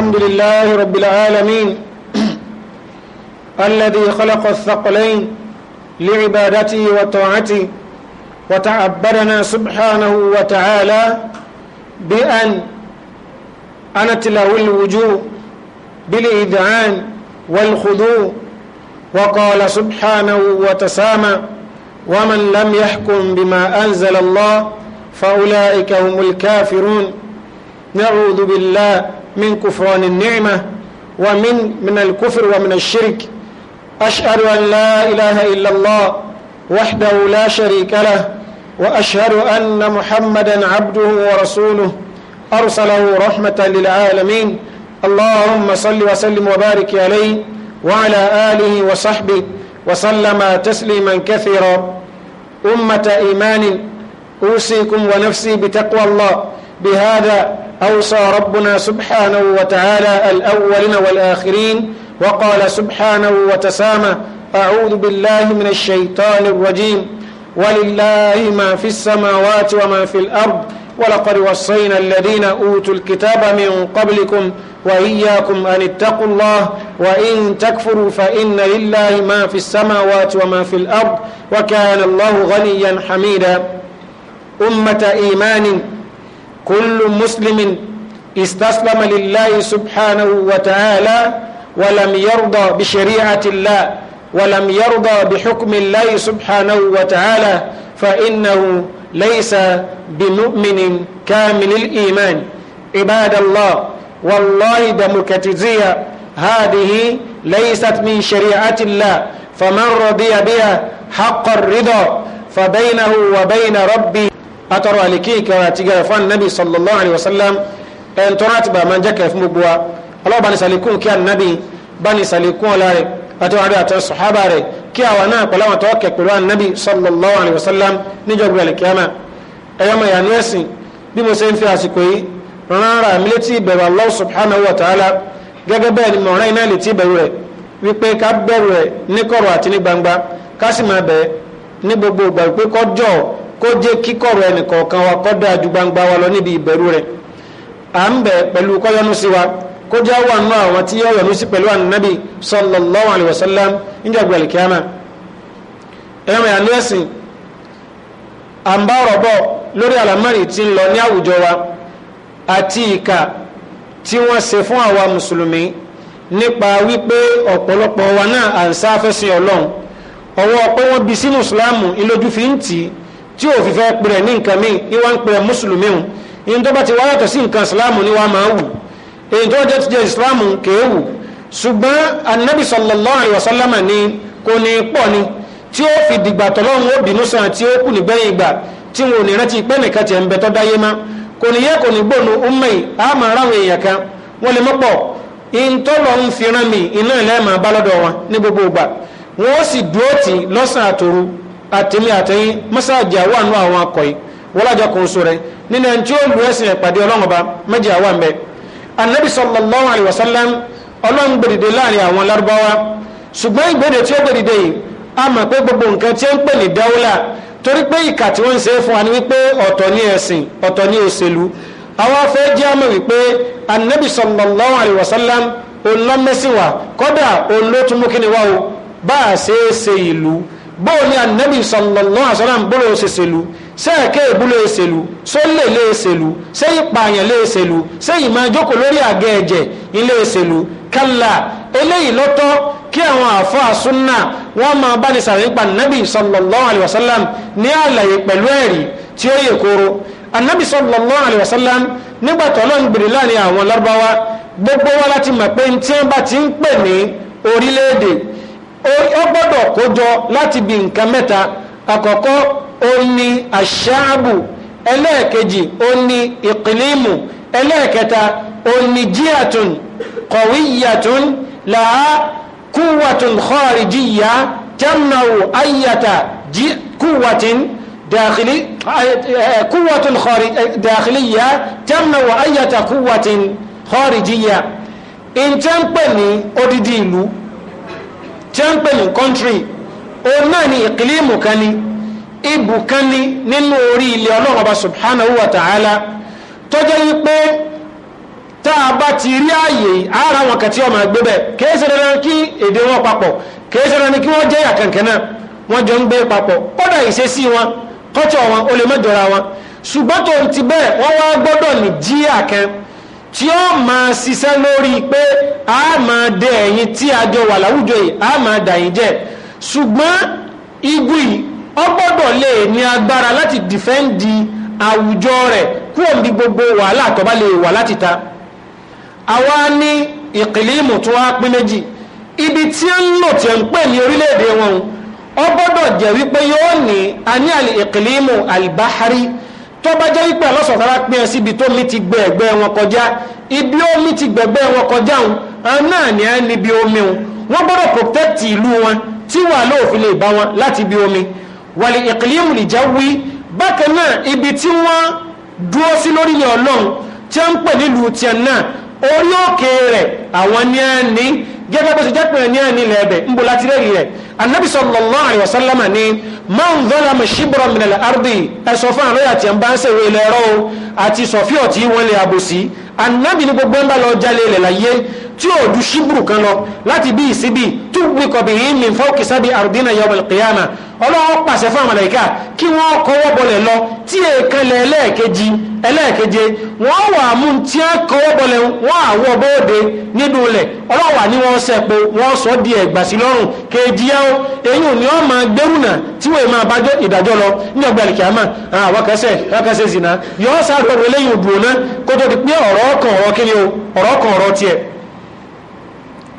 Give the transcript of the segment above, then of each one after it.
الحمد لله رب العالمين الذي خلق الثقلين لعبادته وطاعته وتعبدنا سبحانه وتعالى بأن أنت له الوجوه بالإذعان والخضوع وقال سبحانه وتسامى ومن لم يحكم بما أنزل الله فأولئك هم الكافرون نعوذ بالله من كفران النعمة ومن من الكفر ومن الشرك أشهد أن لا إله إلا الله وحده لا شريك له وأشهد أن محمدا عبده ورسوله أرسله رحمة للعالمين اللهم صل وسلم وبارك عليه وعلى آله وصحبه وسلم تسليما كثيرا أمة إيمان أوصيكم ونفسي بتقوى الله بهذا أوصى ربنا سبحانه وتعالى الأولين والآخرين وقال سبحانه وتسامى أعوذ بالله من الشيطان الرجيم ولله ما في السماوات وما في الأرض ولقد وصينا الذين أوتوا الكتاب من قبلكم وإياكم أن اتقوا الله وإن تكفروا فإن لله ما في السماوات وما في الأرض وكان الله غنيا حميدا أمة إيمان كل مسلم استسلم لله سبحانه وتعالى ولم يرضى بشريعة الله ولم يرضى بحكم الله سبحانه وتعالى فإنه ليس بمؤمن كامل الإيمان عباد الله والله دمكتزية هذه ليست من شريعة الله فمن رضي بها حق الرضا فبينه وبين ربه atọrọ àlèkí ìkẹrẹ àti gẹrẹ fún anabi sallallahu alayhi wa sallam ẹn tọrọ àti bàmá jẹ kẹrẹ fún gbogbo wa ọlọ́wọ́ bani salikun kí anabi bani salikun ọlá rẹ àti wàhálà àti sọ̀hábà rẹ kí àwa náà pẹ̀lú àwọn tọ́wọ́ kẹ pẹ̀lú anabi sallallahu alayhi wa sallam níjọ́ gbogbo àlèkíyàmà ẹ̀yọ́ mọ̀ yànú ẹ̀sìn bí mo ṣe ń fi àsìkò yìí rárá mi létí ìbẹ̀rù Allah wa ta'ala gẹ́gẹ́ bẹ́ẹ̀ ni mọ̀ọ́rán iná létí ìbẹ̀rù rẹ̀ wípé ká bẹ̀rù rẹ̀ ní kọ̀rọ̀ àti gbangba ká sì máa bẹ̀ẹ́ gbogbo ìgbà wípé kọjọ́ kó jẹ́ kíkọ̀rọ̀ ẹnìkọ̀ọ̀kan wa kọ́ dáa ju gbangba wa lọ níbi ìbẹ̀rù rẹ̀ à ń bẹ̀ pẹ̀lú kọ́yọ́nú sí wa kó jẹ́ wà nù àwọn tí yóò yọ̀nú sí pẹ̀lú ànábì sallallahu alayhi wa sallam níjàgbé alikiyama ẹ̀rọ ìyànú ẹ̀sìn à ń bá ọ̀rọ̀ bọ̀ lórí àlámọ̀rí tí ń lọ ní àwùjọ wa àti ìkà tí wọ́n ṣe fún àwa mùsùlùmí nípa wípé ọ̀pọ̀lọpọ̀ wa náà à ń sáfẹ́sìn ọlọ́run ọwọ́ pé wọ́n bí sínú ìsìláàmù ìlójú fi ń tì í tí o fi fẹ́ pèrè ní nǹkan míì ní wọ́n ń pèrè mùsùlùmí hùn ìyẹn tó bá ti wáyàtọ̀ sí nǹkan ìsìláàmù ni wọ́n máa wù èyí tó jẹ́ ti jẹ́ kèé wù anabi sallallahu alayhi wa sallam ni kò ní ni tí o fi dìgbà tọ́lọ́run ó bínú sàn tí ó kù nígbẹ̀yìn ìgbà tí wọn ò ní rántí pé nìkan tiẹ̀ ń bẹ tọ́ dáyé má kò ní yẹ kò ní yìí máa ráwọn èèyàn kan wọ́n lè mọ́pọ̀ ìtọ́lọ̀ ń fi rán mi àtẹ̀mí àtẹ̀yìn mọ́sáàjì àwọn àánú àwọn akọ̀yìn wọ́lájà kò so rẹ̀ nínú ẹni tí ó lu ẹ̀sìn ìpàdé ọlọ́run ọba méjì àwọn mẹ́ anabi sallallahu alayhi wa sallam ọlọ́run gbèdìde láàrin àwọn lárúbáwá ṣùgbọ́n ìgbèdè tí ó gbèdìde yìí a mọ̀ pé gbogbo nǹkan tí ó ń pè ní dáwọ́là torí pé ìkà tí wọ́n ń ṣe fún wa ni wípé ọ̀tọ̀ ní ẹ̀sìn ọ̀tọ̀ ní òṣèlú àwọn afẹ́ jẹ́ àmọ̀ wípé anabi sallallahu alayhi wa sallam òun lọ́mẹ́sìn wa kọ́dà òun ló tún mú kí ni wá o bá a ṣe é ṣe ìlú bóò ni anabi sallallahu alaihi wasallam bóò lè ṣèṣèlú sẹ́ẹ̀kẹ́ ìbú lè ṣèlú sólè lè ṣèlú sẹ́yìn pààyàn lè ṣèlú sẹ́yìn máa jókòó lórí àgẹ́ ẹ̀jẹ̀ ilé ṣèlú kálá eléyìí lọ́tọ́ kí àwọn àfáà súnà wọ́n máa bá ní sàrẹ́ nípa anabi sallallahu alaihi wasallam ní àlàyé pẹ̀lú ẹ̀rí tí ó yẹ kóró anabi sallallahu alaihi wasallam nígbà tọ́lọ́ ń gbèrè láàrin àwọn lárúbáwá gbogbo wa láti mọ̀ pé ntí wọn bá ti ń pè ní orílẹ̀-èdè ó gbọ́dọ̀ kójọ láti bí nǹkan mẹ́ta àkọ́kọ́ ó ní àṣáàbù ẹlẹ́ẹ̀kejì ó ní ìkìlímù ẹlẹ́ẹ̀kẹta ó ní jíyàtún kọ̀wíyàtún làá kúwàtún kọ́ọ̀rìjìyà jamnawu ayyata kúwàtún dàkìlì kúwàtún dàkìlìyà jamnawu ayyata kúwàtún kọ́ọ̀rìjìyà in tẹ́ ń pè ní odidi ìlú tí wọ́n ń pè ní country òun náà ni ìkìlímù kan ni ibù kan ni nínú orí ilé ọlọ́run ọba subhanahu wa ta'ala tó jẹ́ wípé tá a bá ti rí ààyè ara wọn kàtí ọmọ àgbẹ̀ bẹ̀ kìí ṣe dandan kí èdè wọn papọ̀ kìí ṣe kí wọ́n jẹ́ ìyà náà wọ́n jọ ń gbé papọ̀ kódà ìṣesí wọn kọ́tọ̀ wọn ó lè mọ́jọra wọn ṣùgbọ́n tó ti bẹ́ẹ̀ wọ́n wá gbọ́dọ̀ ní jíyà kan tí ó máa ṣiṣẹ́ lórí pé a máa dé ẹ̀yin tí a jọ wà láwùjọ yìí a máa dà yín jẹ ṣùgbọ́n igun yìí ó gbọ́dọ̀ lè ní agbára láti dìfẹ́ǹdì àwùjọ rẹ̀ kúrò ní gbogbo wàhálà tó bá lè wà láti ta àwa ní ìkìlímù tó wá pín méjì ibi tí ń lò tí ń pè ní orílẹ̀-èdè wọn ó jẹ́ wípé yóò ní a ní àlè ìkìlímù àlìbáhárí tó bá jẹ́ wípé alọ́sọ̀tara pín ẹ síbi tó mi ti gbẹ ẹ̀gbẹ́ wọn kọjá ibi ó mi ti gbẹ̀gbẹ́ wọn kọjá òun àwọn náà ní á níbi omi òun wọ́n gbọ́dọ̀ protect ìlú wọn tí wàá lóòfin lè bá wọn láti ibi omi wàlì ìkìlímù lè já wí bákan náà ibi tí wọ́n dúró sí lórí ilẹ̀ ọlọ́run tí wọ́n ń pè nílùú tiẹ̀ náà orí òkè rẹ̀ àwọn ní á ní gẹ́gẹ́ bó ṣe jẹ́ pé ní á ní ilẹ̀ ẹ̀bẹ̀ ńbo láti rẹ́rìí anabi sallallahu alayhi wa sallam ni man zalama shibra min al-ardi ẹsọ fún àwọn ọyà tí a ń bá ń sèwé lẹrọ o àti sọfíọ anabi ni gbogbo ń bá lọ jalè lẹ tí ó ju ṣíbùrù kan lọ láti bí ìsíbí tó wíkọ̀ bí yìí min fọ́ọ̀kì sábì àrùdínà yawm al-qiyama ọlọ́wọ́ pàṣẹ fún màláíkà kí wọ́n kọwọ́ bọlẹ̀ lọ tí èkánlẹ̀ ẹlẹ́ẹ̀kejì ẹlẹ́ẹ̀keje wọ́n wà mú tí ó kọwọ́ bọlẹ̀ wọ́n àwọ̀ bóde nínú ilẹ̀ ọlọ́wà ni wọ́n sẹ́po wọ́n sọ di ẹ̀gbà lọ́rùn kejì ẹ́ o èyí ò máa gbẹ́rùnà tí wọ́n máa bá ìdájọ́ lọ ní ọgbà ìkìámà àwọn ah, kẹsẹ̀ kẹsẹ̀ yọ́ sáré ọ̀rọ̀ eléyìí òdùnà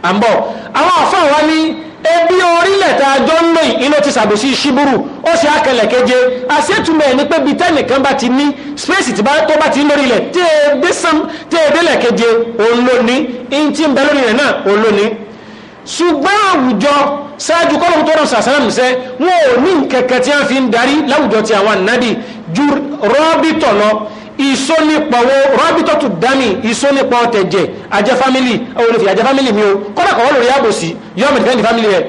àmbọ̀ àwọn àfáà wá ní ebi orílẹ̀ tá a jọ ń lò iná ti sàbẹ̀sí ṣíbúrú ó ṣe akẹlẹ̀ keje àṣetúmẹ̀ ní pé bíi tẹ́nìkan bá ti ní spéèsì tó bá ti ń lórí ilẹ̀ téèdélẹ̀ keje òun ló ní in ti ń bẹ lórí rẹ̀ náà òun ló ní. ṣùgbọ́n àwùjọ ṣáájú kọ́lọ́mù tó rán sàṣálàmùsẹ́ wọn ò ní kẹ̀kẹ́ tí wọ́n fi ń darí láwùjọ ti àwọn ànádì ju rọ́bìtọ̀ lọ ìsónípọ̀wọ́ rọ́bítọ́tù dami ìsónípọ̀ tẹ̀jẹ̀ ajẹ́ fámílì olùfì ajẹ́ fámílì mi o kọ́nà kọ̀wọ́ lórí àbòsí yọ́mù ìfẹ́ndì fámílì rẹ̀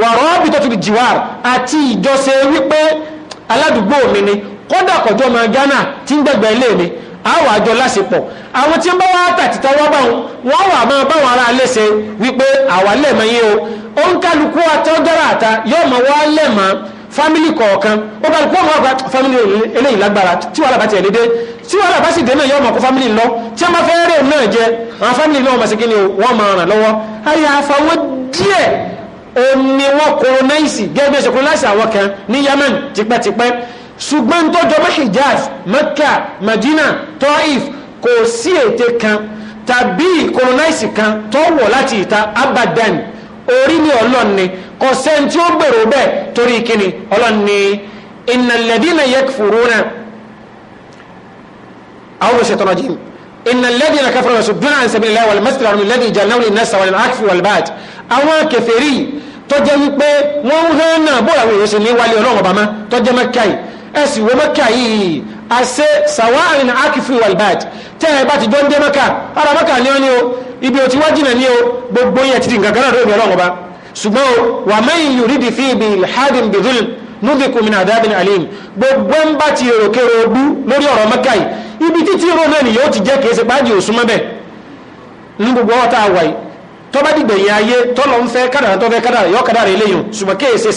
wà rọ́bítọ́tù jìwà àti ìjọsẹ̀ wípé aládùúgbò mi ni kọ́dà kọjọ́ ọmọ Ghana tí ń gbẹ̀gbẹ̀ ilé mi àwọn àjọ lásìpọ̀ àwọn tí ń bá wá tàtìta wá bá wọn wà máa báwọn ará léṣe wípé àwa lẹ́mọ̀ yín o ó ń kálukú àtọ́jọ́rà àta yọ́mọ̀ wá lẹ́mọ̀ fámílì kọ̀ọ̀kan ó bá kó àwọn àgbà fámílì eléyìí lágbára tí wàhálà bá tiẹ̀ lédè tí wàhálà bá sì dé náà yọ ọmọ kó fámílì lọ tí a máa fẹ́ rè náà jẹ àwọn fámílì náà wọ́n sì kíni wọ́n máa ràn lọ́wọ́ ayé àfàwọ́ díẹ̀ omi wọn koronáìsì gẹ́gẹ́ bí ṣokoronáìsì àwọn kan ní Yemen tipẹ́tipẹ́ ṣùgbọ́n tó jọmọ́ Hijaz Mecca Medina Taif kò sí ète kan tàbí koronáìsì kan tó wọ̀ láti ìta abadan orí ni ọlọ́run ni kò sẹ́ni tí ó gbèrò bẹ́ẹ̀ torí kíni ọlọ́run ni innal ladina yakfuruna أعوذ الشيطان الرجيم إن الذين كفروا يصدون عن سبيل الله والمسجد الحرام الذي جعلناه للناس والعكف والبعد àwọn kèfèrí tó jẹ́ wípé wọ́n ń hàn náà bóyá wòye ṣe ní wálé ọlọ́run ọba má mẹ́kà yìí ẹ̀sìn wo mẹ́kà yìí àṣẹ sàwáàrin àkìfì wàlbáàdì tẹ́ ẹ bá ti jọ ń dé mẹ́ka ara mẹ́ka ní ọ o ibi òtí wájú náà ní o gbogbo yẹn ti di nǹkan kanáà lóògbé ọlọ́run ọba ṣùgbọ́n o wà mẹ́yìn yòrí di fi ibi ìlhádìn bìdúlì múdìkù mi àdábìn àlẹ́yìn gbogbo ń bá ti èrò kéré ogún lórí ọ̀rọ̀ mẹ́ka yìí ibi títí rò náà nìyẹn ó ti jẹ́ kèése pàájì òsúnmọ́ bẹ́ẹ̀ ní gbogbo ọ̀tá àwàyí tọ́bádìgbẹ̀yìn ayé tọ́lọ́ ń fẹ́ kádàrá tọ́fẹ́ kádàrá yọ kádàrá eléyìí ṣùgbọ́n kéèsè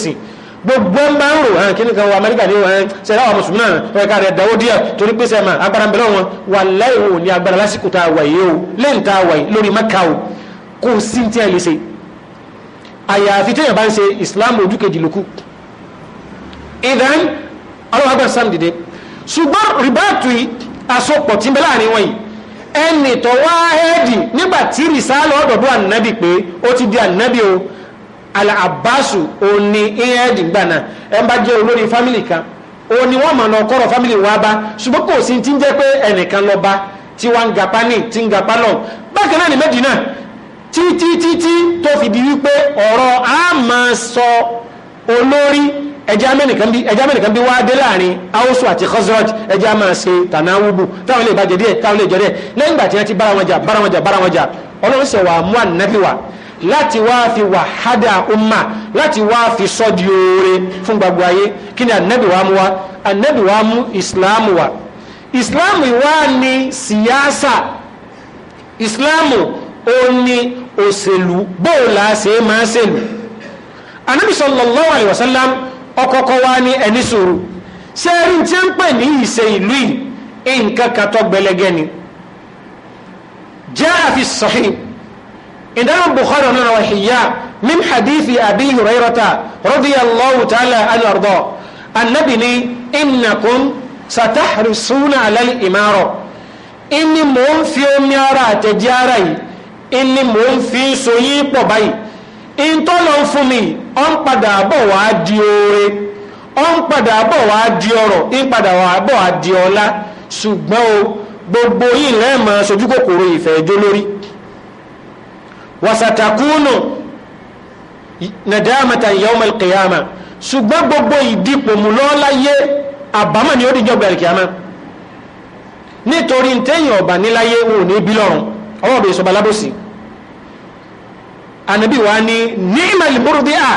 gbogbo ọmọ ń rò hàn kíní kan wọ amẹ́ríkà ní wọn sẹ́dá wà mùsùlùmí náà ẹ̀ka rẹ̀ dáwó díẹ̀ torí pé sẹ́mà agbára bẹ̀rẹ̀ wọn wà láìwò ní agbára lásìkò tá a wà yìí o lẹ́yìn tá a wà yìí lórí mẹ́ka o kò sí tí a lè ṣe àyàfi téèyàn bá ń ṣe islam ojú kejì lókù ìdán ọlọ́wọ́ agbára sam dìde ṣùgbọ́n rìbáàtù àsopọ̀ tí ń bẹ láàrin wọn yìí ẹnì tọ́wọ́ ala òní ìyẹ́dì gbà náà ẹ bá jẹ́ olórí fámìlì kan òní wọ́n mọ̀ náà fámìlì wa bá ṣùgbọ́n kò sí ti ń jẹ́ pé ẹnìkan lọ bá tí ń gapá ní tí ń gapá lọ bákan náà ní Mẹ́dínà títítítí tó fi di wípé ọ̀rọ̀ a máa sọ olórí ẹja amẹ́nìkan bí wá dé láàrin Ausu àti Khazraj ẹjẹ́ a máa ṣe tànáwùbù táwọn lè bàjẹ́ díẹ̀ táwọn lè jọ díẹ̀ lẹ́yìn láti wá fi wà hádà umma láti wá fi sọ di oore fún gbogbo ayé kí ni anabi wa mú wa anabi wa mú islam wa islam wa ni siyasa islam ó ní òṣèlú bóòlà ṣe máa ṣèlú anabi sallallahu alayhi wa sallam ọkọ̀ọ̀kọ̀ wa ní ẹni sòrò sẹ́rí tí ń pè ní ìṣe ìlú yìí nǹkan kan tó gbẹlẹgẹ ni jẹ́ àfi sahih عندنا البخاري هنا وحياء من حديث أبي هريرة رضي الله تعالى عنه أرضاه النبي ني إنكم ستحرصون على الإمارة إني مون في أميارة تجاري إني مون في سوي بابي إن تولوا فمي أم قد أبوا أديوري أم قد أبوا أديورو إن قد أبوا أديولا ṣùgbọ́n o gbogbo yìí lẹ́ẹ̀mọ́ sojú kòkòrò ìfẹ́ jó lórí wasatakunu nadamatan yawm alqiyama ṣùgbọ́n gbogbo ìdìpò mú lọ́láyé àbámọ̀ ni ó dìjọ́ gbẹ̀rẹ̀ kìámá nítorí tẹ́yìn ọ̀bà níláyé wò ní bí lọ́rùn ọwọ́ bèèrè sọba lábòsí ànábì wa ní ní ìmọ̀lẹ̀ múrùdí à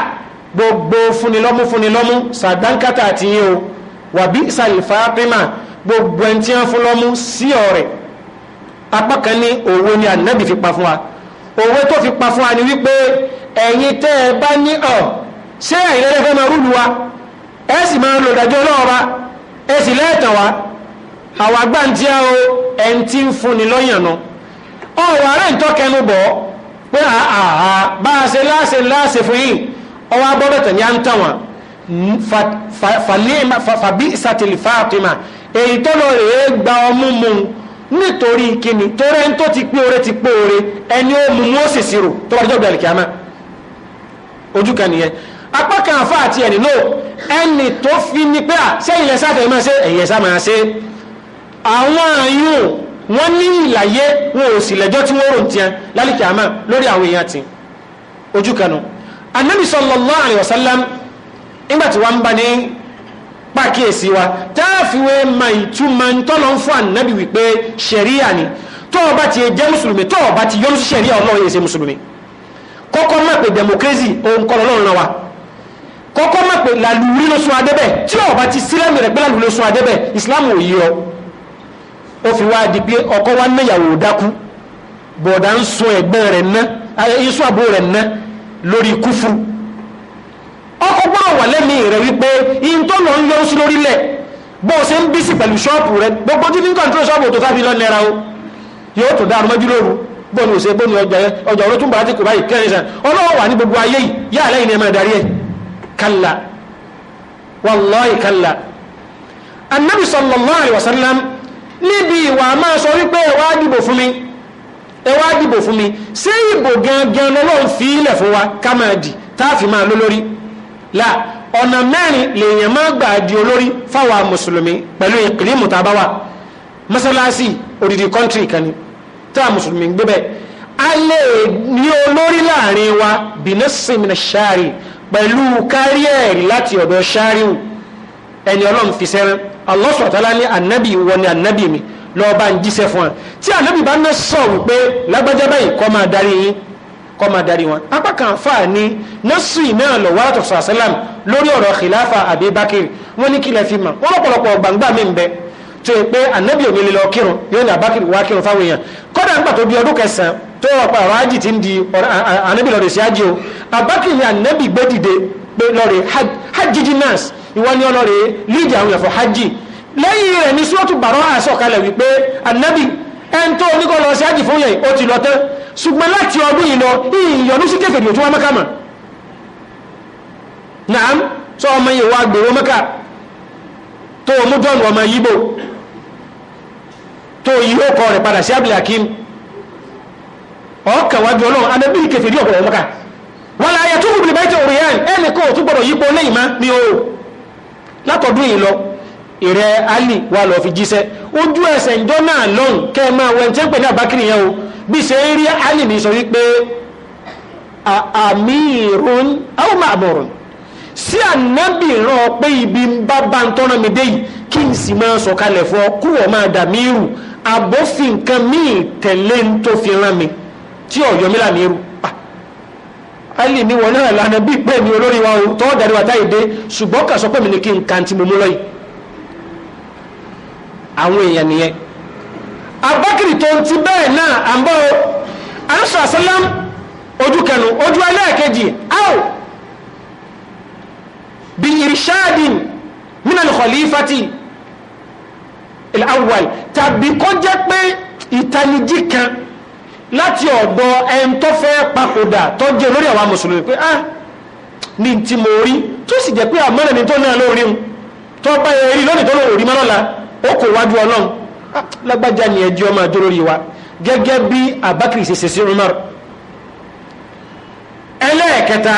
gbogbo fúnilọ́mú fúnilọ́mú sàdánkátà àti yín o wàbí sàlìfàápímà gbogbo ẹni tí wọ́n fún lọ́mú sí ọ̀rẹ́ apá kan ní ni ànábì fi pa fún wa òwe tó fi pa fún wa ni wípé ẹ̀yin tẹ́ ẹ bá ní ọ̀ ṣé ẹ̀yin fẹ́ máa rúlu wa ẹ sì máa lò dájọ́ ọlọ́ọ̀ba ẹ sì lẹ́ẹ̀tàn wa àwọn agbáǹtí ẹ o ẹ̀ ń ti ń fúnni lọ́yànnà ọ̀rọ̀ àárẹ̀ ń tọ́kẹnu bọ̀ pé àhà bá a ṣe láṣe láṣe fún yìí ọwọ́ abọ́bẹ̀tẹ̀ fàbí ìsàtìlì fàtìmà èyí tó lọ rèé gba ọmú mu nítorí kíni torí ẹni tó ti pé oore ti pé oore ẹni ó mú mú ó sì sírò tó bá jọ gbẹ̀lì kíámà ojú kan nìyẹn apá kan àfa àti ẹni náà ẹni tó fi ni pé à sẹ́yìn lẹ́sà fẹ́ máa ṣe ẹ̀yìn ẹ̀sà máa ṣe àwọn àyùn wọn ní ìlàyé wọn ò sì lẹ́jọ́ tí wọ́n rò ń tiẹ̀ lálìkíámà lórí àwọn èèyàn ti ojú kan nù anabi sallallahu alayhi wa sallam nígbà tí wọ́n ń bá ní pàkíyèsí wa táàfiwé ma ìtumọ̀ tọ́lọ ń fún ànábì wípé ṣẹ̀ríà ni tọ́ọ̀bá ti jẹ́ mùsùlùmí tọ́ọ̀bá ti yọ́nú sí ṣẹ̀ríà ọlọ́run yẹn ṣe mùsùlùmí kọ́kọ́ mọ̀ pé democracy òun kọ́ lọ́run náà wa kọ́kọ́ mọ̀ pé làlùrí ló sún adébẹ̀ tí ọ̀bá ti sílẹ̀mì rẹ̀ pé làlùrí ló sún adébẹ̀ Islam ò yí ọ ó fi wá di pé ọkọ wa náyàwó dákú bọ̀dá ń sun ẹ̀gbọ́n rẹ̀ ná ń sun àbúrò rẹ̀ ná lórí kúfúrú ọkọ̀ gbọ́dọ̀ wà lẹ́mìí rẹ̀ wípé ihun tó lọ ń yọ sí lórílẹ̀ bó o ṣe ń bísì pẹ̀lú ṣọ́ọ̀pù rẹ̀ gbogbo tí ní kọ̀ǹtró ṣọ́ọ̀pù tó sáfi lọ o yóò tó dáa mọ́jú lóru bóun ò ṣe bóun ọjà ọ̀rọ̀ tún bá ti kò báyìí kẹrin sàn ọlọ́wọ́ wà ní gbogbo ayé yìí yá àlẹ́yìn ni dìbò fún mi ṣé ìbò gangan lọ́lọ́run fi ilẹ̀ fún wa ká máa dì táàfin máa lólórí la ọ̀nà mẹ́rin lèèyàn máa gbà di olórí fáwa mùsùlùmí pẹ̀lú ìpínlẹ̀ mùtàbáwà mọ́sálásì odidi kọ́ńtírì kan ni tá a mùsùlùmí gbé bẹ́ẹ̀ a lè ní olórí láàrin wa bìnà sèmìnà ṣáàrì pẹ̀lú káríẹ̀rì láti ọ̀dọ̀ ṣáàríù ẹni ọlọ́run fi sẹ́rẹ́ Allah subhanahu wa ta'ala ní ànábì wọn ni ànábì mi lọ́ọ́ bá ń jíṣẹ́ fún wa tí ànábì bá ń sọ wípé lágbájá báyìí kọ́ máa darí yín kọ́ máa darí wọn apá kan fà ní nọ́ọ̀sì náà lọ́wọ́ àtọ̀ sàṣẹ́lám lórí ọ̀rọ̀ khilafa Abi Bakr wọ́n ní kílẹ̀ fi mà wọ́n lọ́pọ̀lọpọ̀ gbàngbà mi ń bẹ tó yẹ pé ànábì òní lè lọ kírun yóò ní Abakr wá kírun fáwọn èèyàn kọ́dà ń pàtó bí ọdún kẹsàn-án tó wà pa ọ̀rọ̀ ájì ti ń di ànábì lọ́rẹ̀ sí ájì o Abakr ni ànábì gbé dìde pé lọ́rẹ̀ hajjiji nas ìwọ ni ọlọ́rẹ̀ lídì àwọn ẹni tó oníkọ́ lọ sí ájì fún yẹn ó ti lọ tán ṣùgbọ́n láti ọdún yìí lọ ìyọ̀nú sí kèfèrí òtún wá mẹ́kà mọ̀ naam sọ ọmọ yìí wá gbèrò mẹ́kà tó mú dọ́nù ọmọ yíbò tó yí kọ rẹ̀ padà sí abúlé akim ọkàn wájú ọlọ́run anábí kèfèrí ọ̀pọ̀lọpọ̀ mẹ́kà wọn la ayẹ tó kù bìlìbà ètò òrìyàn ẹnì kan ò tún o látọdún yìí lọ ìrẹ́ ali wà lọ ojú ẹsẹ̀ ìjọ náà lọ́hùn kẹ́ ẹ máa wẹ̀ ń tẹ́ pẹ̀ ní àbákìrì yẹn o bí ṣe ń rí alìní sọ wípé àmìrún àwọn àmọ̀rún sí ànábì ràn ọ pé ibi ń bá bá ń tọ́ra mi dé yìí kí n sì máa sọ̀kalẹ̀ fún ọ kúrò máa dà mí rù àbófin nǹkan míì tẹ̀lé ń tó fi rán mi tí ọ̀yọ́ mi là mí rù ah! ali mi wọn náà lànà bí pé mi olórí wa o tọ́ dàrí wa táyé dé ṣùgbọ́n kà sọ pé mi ni kí n kàǹtì mo mú lọ́yìí àwọn èèyàn nìyẹn abakiri tó ń ti bẹ́ẹ̀ náà à ń bọ́ o anṣọ àṣálám ojú kẹnu ojú ẹlẹ́ẹ̀kejì áò bí irishadin minal khalifati al-awwal tàbí kó jẹ́ pé ìtanijí kan láti ọ̀dọ̀ ẹn tó fẹ́ papòdà tó jẹ́ olórí àwọn mùsùlùmí pé ah ní ti mo rí tó sì jẹ́ pé àmọ́ràn mi tó náà lórí tó bá yẹ rí lónìí tó lórí mọ́lọ́la ó kò wájú ọlọ́run ah, lágbájá ni ẹjọ́ máa dúró rí wa gẹ́gẹ́ bí abakiri ṣèṣe sí Umar ẹlẹ́ẹ̀kẹta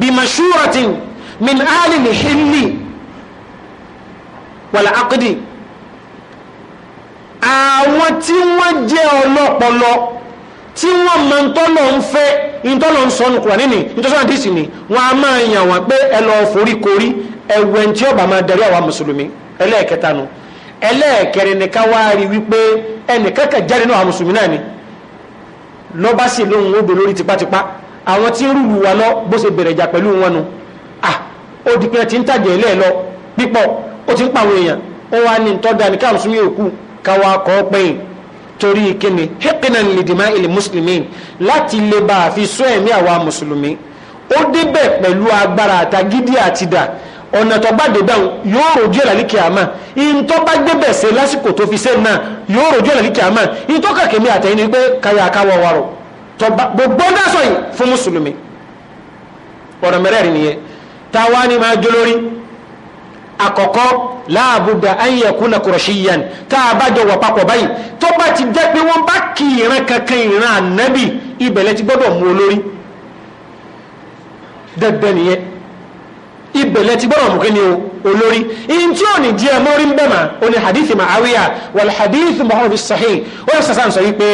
bimashuratin min alil hilli wàlá akudi àwọn tí wọ́n jẹ́ ọlọ́pọlọ tí wọ́n ma ń tọ́lọ̀ ń fẹ́ ìtọ́lọ̀ ń sọ nùkùrà nínú ìtọ́sọ́ àdìsí ni wọ́n a máa yàn pé ẹ korí ẹ̀wẹ̀ tí ọba máa darí àwa mùsùlùmí ẹlẹ́ẹ̀kẹta nu ẹlẹ́ẹ̀kẹrin ni ká wá rí wípé ẹnìkan jáde náà àwọn mùsùlùmí náà ni lọ́ba sì lóhun odò lórí tipátipá àwọn tí ń rúlu wa lọ bó ṣe bẹ̀rẹ̀ ìjà pẹ̀lú wọn nu ah ó di pé ti ń tàjẹ̀ ilé ẹ̀ lọ pípọ̀ ó ti ń pàwọn èèyàn ó wá ní tọ́da ní káàmù súnmí òkú káwa kọ́ pẹ́yìn torí kíni hẹ́pínàn lìdìmá ilẹ̀ mùsùlùmí láti lè bá a sún ẹ̀mí àwa mùsùlùmí ó débẹ̀ pẹ̀lú agbára àtagídí àtidà ọ̀nà tó bá dé dáhùn yóò rojú ẹ̀rà líkì in ìntọ́ bá gbébẹ̀ sí lásìkò tó fi ṣe náà yóò rojú ẹ̀rà líkì àmà ìntọ́ kàkèmí àtẹ̀yìn ni pé kàyà àkáwọ̀ wa rọ̀ gbogbo ń dásọ̀ yìí fún mùsùlùmí ọ̀nà mẹ́rẹ̀ẹ̀rin nìyẹn táwa ni máa jó lórí àkọ́kọ́ láàbùdà ayẹ̀kúnà kùrọ̀ṣíyàn tá a bá jọ wà papọ̀ báyìí tó bá ti jẹ́ pé wọ́n bá kí ìran kankan ìran ànábì ibẹ̀lẹ̀ ti gbọ́dọ̀ mú olórí dẹ́gbẹ́ nìyẹn ibẹ̀lẹ̀ ti gbọ́nà mùkí ni olórí in tí ò ní jẹ́ mórí ń bẹ̀mà o ní hadithi ma'awiya wal hadithi muhammadu sahih o ní sassan sọ wípé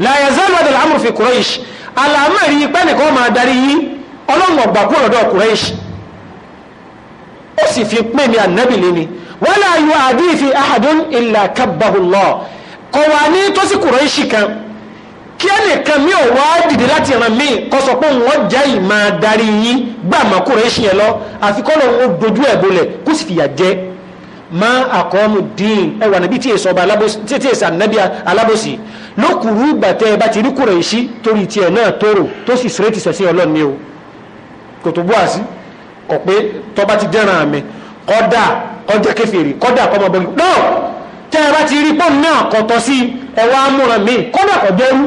la yazal wàdà al'amru fi quraish alamari pẹ́ nìkan máa darí yí ọlọ́run ọgbà kúrò lọ́dọ̀ quraish ó sì fi pín ní annabi léni wala yu'adihi ahadun illa kabbahu Allah kọ̀wá ní tó sì quraish kan kí ẹnìkan mi ò wá dìde láti ẹ̀ràn mi kọ́ sọ pé wọ́n jẹ́ ìmọ̀ adarí yín gbà má kó rẹ̀ ṣe yẹn lọ àfi kọ́ lóun ó dojú ẹ̀ bolẹ̀ kó sì fìyà jẹ má àkọ́mù dín ẹwà níbi tí èso ọba alábòsí tí èso ànábì alábòsí lókùrú gbàtẹ́ ẹ bá ti rí kúrò ìṣí torí tiẹ̀ náà tóró tó sì sírètì sẹ̀sìn ọlọ́run ni o kò tó bú àsí kọ̀ pé tọ́ba ti dẹ́ran àmì kọ́dà ọjọ́ kẹfìrì kọ́dà kọ́mọ bọ́ọ̀lù náà tẹ́ ẹ bá ti rí pọ́ùn náà kọ̀tọ̀ sí ẹwà amúran mi kọ́dà kọ̀ dẹ́rú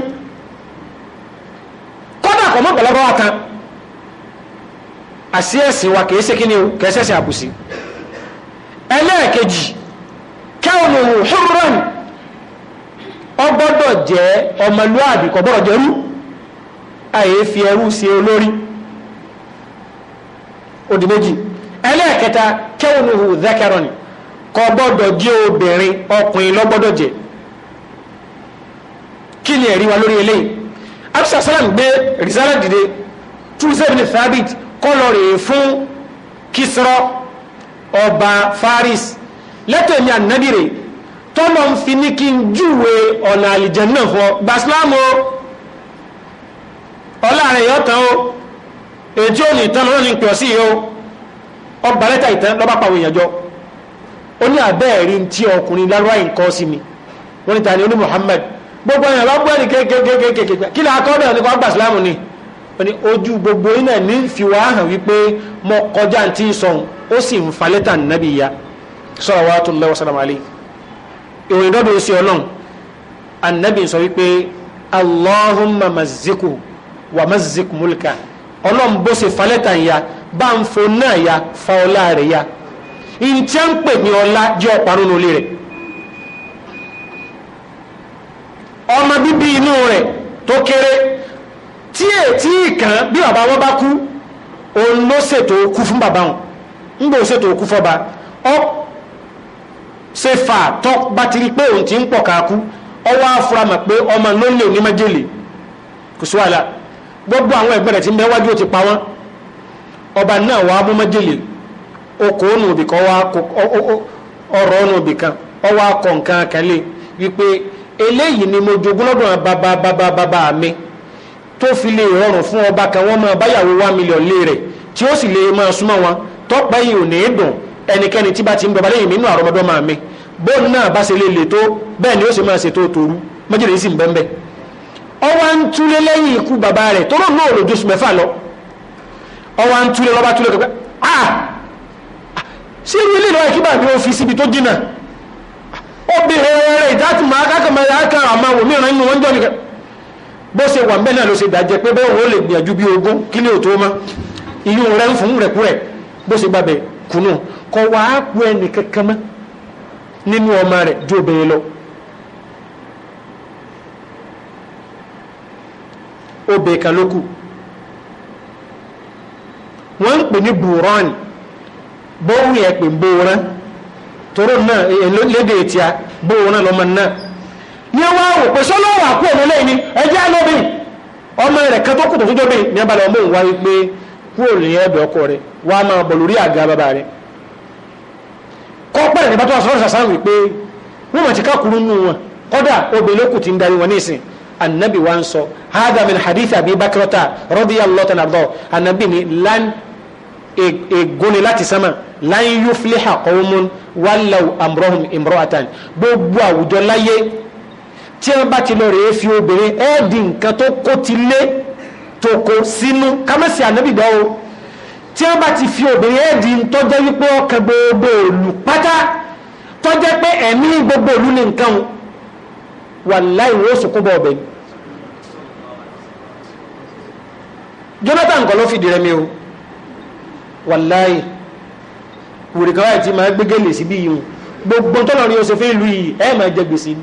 kọ́dà kọ́ mọ́pọ̀lọpọ̀ wa kan àṣíẹ̀sì wa kìí ṣe kíni o kìí ṣẹ̀ṣẹ̀ àbùsí ẹlẹ́ẹ̀kejì kẹ́ọ̀nù húrọ́n ọgbọdọ jẹ́ ọmọlúwàbí kò gbọ́dọ̀ àyè fi ẹrú sí olórí òdì méjì ẹlẹ́ẹ̀kẹta kẹ́ọ̀nù hùdẹ́kẹrọ̀nì kò gbọ́dọ̀ jẹ́ obìnrin ọkùnrin ló gbọ́dọ̀ kí ni wa lórí eléyìí abisa salam gbé risala dìde túnṣe ni thabit kọlọ rèé fún kisrọ ọba faris lẹ́tọ̀ mi ànábì rè tọ́lọ̀ ń fi ní kí n júwe ọ̀nà àlìjẹ̀nnà fún ọ gbàsílámù ọlá rẹ̀ yọ tán o èjì ò ní tán lọ́nà ní pè ọ́ sí yìí o ọba lẹ́tà ìtàn lọ́ba pàwọn èèyàn jọ ó ní àbẹ́ẹ̀rí ti ọkùnrin lárúbáyé nǹkan sí mi wọ́n ní ta ni ó ní Muhammad gbogbo ẹ̀yàn lọ́gbọ́ ẹ̀rì kékèkékèké kí lákọ́dọ̀ nípa gbà ni wọ́n ni ojú gbogbo iná ní fi hàn wípé mo kọjá tí sọ̀n ó sì ń fa lẹ́tà nàbí ya salawatullahi wa salamu alayhi ìròyìn dọ́dọ̀ sí ọlọ́run annabi sọ wípé allahumma mazziku wa mazzik mulka ọlọ́run bó ṣe fa lẹ́tà ya bá ń fo náà ya fa ọlá rẹ̀ ya ìntí à ń pè ní ọlá jẹ́ ọ̀pá nínú ilé rẹ̀ ọmọ bíbí inú rẹ̀ tó kéré tí ètí ìkàn bí bàbá wọn bá kú òun ló ṣètò kú fún bàbá wọn ń gbò ṣètò kú fọba ọ ṣe fà tọ́ bá ti rí pé òun ti ń pọ̀ káàkú ọwọ́ afurama pé ọmọ ló lè ní kò sí wàhálà gbogbo àwọn ẹgbẹ́ rẹ̀ ti ń wájú ti pa wọ́n ọba náà mú eléyìí ni mo jogún lọ́dọ̀ bàbá bàbá bàbá mi tó fi lè rọrùn fún ọba kan wọ́n máa báyàwó wá mílíọ̀n lé rẹ̀ tí ó sì lè máa súnmọ́ wọn tọ́pẹ́ yìí ò ní í dùn ẹnikẹ́ni tí bá ti ń bọ̀ balẹ̀ yìí nínú àrọ́mọdọ́ máa mi bóun náà bá ṣe lè lè tó bẹ́ẹ̀ ni ó sì máa ṣètò tòru méjìlél sì ń bẹ́ẹ̀ ọwọ́ ń túlé lẹ́yìn ikú bàbá rẹ̀ tó lóun náà lò jósù mẹ́fà lọ ọwọ́ ń túlé lọ́ba túlé kẹ́kẹ́ ah, ah! ṣé ilé ìlọ́wọ́ ìkíbà mi ò fi síbi tó jìnnà obìnrin rẹ̀ ìdáàtì máa kákàmọ́ àkàrà máa wò mìíràn nínú wọn jọ nìkan bó ṣe wà mẹ́nà ló ṣe dájẹ́ pé bẹ́ẹ̀ wọ́n lè gbìyànjú bí ogún kí ní òtó mọ́ ìyún rẹ̀ ń fún rẹ̀kúrẹ̀ bó ṣe gbàbẹ̀ kùnú kọ wà á ẹnì kankan mọ́ nínú ọmọ rẹ̀ jó obìnrin lọ. obìnrin kan ló kù wọ́n tòró náà lédè tí a bó wọn náà lọ́mọ náà ní wá wò pé sọ́lọ́ wà kú lẹ́yìn ni ẹjẹ́ alóbìn ọmọ rẹ̀ kan tó kù tó tóbi ní abalẹ̀ ọmọ òun wá wípé kú òrìn ẹ̀dọ̀ ọkọ rẹ̀ wá máa bọ̀ lórí àga bàbá rẹ̀ kọ́ pẹ̀lẹ̀ ní bàtọ́ àṣọ́rọ̀ sàṣán wípé wọ́n mọ̀ ti kákùrú nù wọn kọ́dà obìnrin lókù ti ń darí wọn nísìn annabi wa ń sọ hada min hadith abi bakrata radiyallahu ta'ala anhu annabi ni lan egoni e láti sama lan yufliha qawmun wàlláwù amúrọ́hùn imrọ́àtàn gbogbo àwùjọ láyé tí wọ́n bá ti lọ rèé fi obìnrin ẹ́ẹ̀dì nǹkan tó kó ti lé tòkó sínú kámẹ́sì ànábìgbà o tí wọ́n bá ti fi obìnrin ẹ́ẹ̀dì tó jẹ́ wípé ọkàn gbogbo òlù pátá tó jẹ́ pé ẹ̀mí gbogbo òlù ní nǹkan wàlláhì wọ́n sùkún bọ̀ ọ̀bẹ̀ Jonathan kọ́ ló fìdí rẹmi o wàlláhì wòrè kan wáyé tí máa gbégélè sí bí yìí gbogbo tọ́lọ̀ ní oṣù fún ìlú yìí ẹ máa jẹ gbèsè ni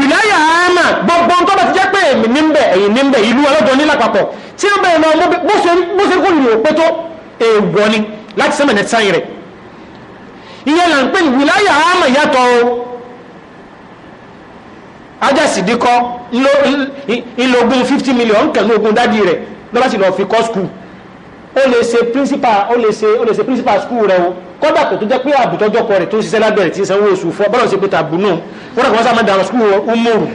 wìláyà àmà gbogbo tó bá ti jẹ́ pé èmi níbẹ̀ ẹ̀yìn níbẹ̀ ìlú ọlọ́dọ̀ ní lápapọ̀ tí ó bẹ̀rẹ̀ náà bó ṣe kó lè pé tó èèwọ̀ ni láti sẹ́mẹ̀nẹ̀ sáyìn rẹ̀ ìyẹn là ń pè ní wìláyà àmà ìyàtọ̀ o ajásìdí kọ́ ńlógún 50 million kẹ̀lú ogun dádì rẹ̀ lọ́bàtì lọ fi kọ́ skul ó lè ṣe principal ó lè ṣe ó lè ṣe principal school rẹ o kọ́dà kò tó jẹ́ pé àbùtọ́jọ́ kọ rẹ̀ tó ń ṣiṣẹ́ lábẹ́rẹ̀ tí ń sanwó oṣù fún ọbọ̀lọ́sí pé tàbù náà wọ́n rẹ̀ kọ́ sáà máa dàrọ̀ school umoru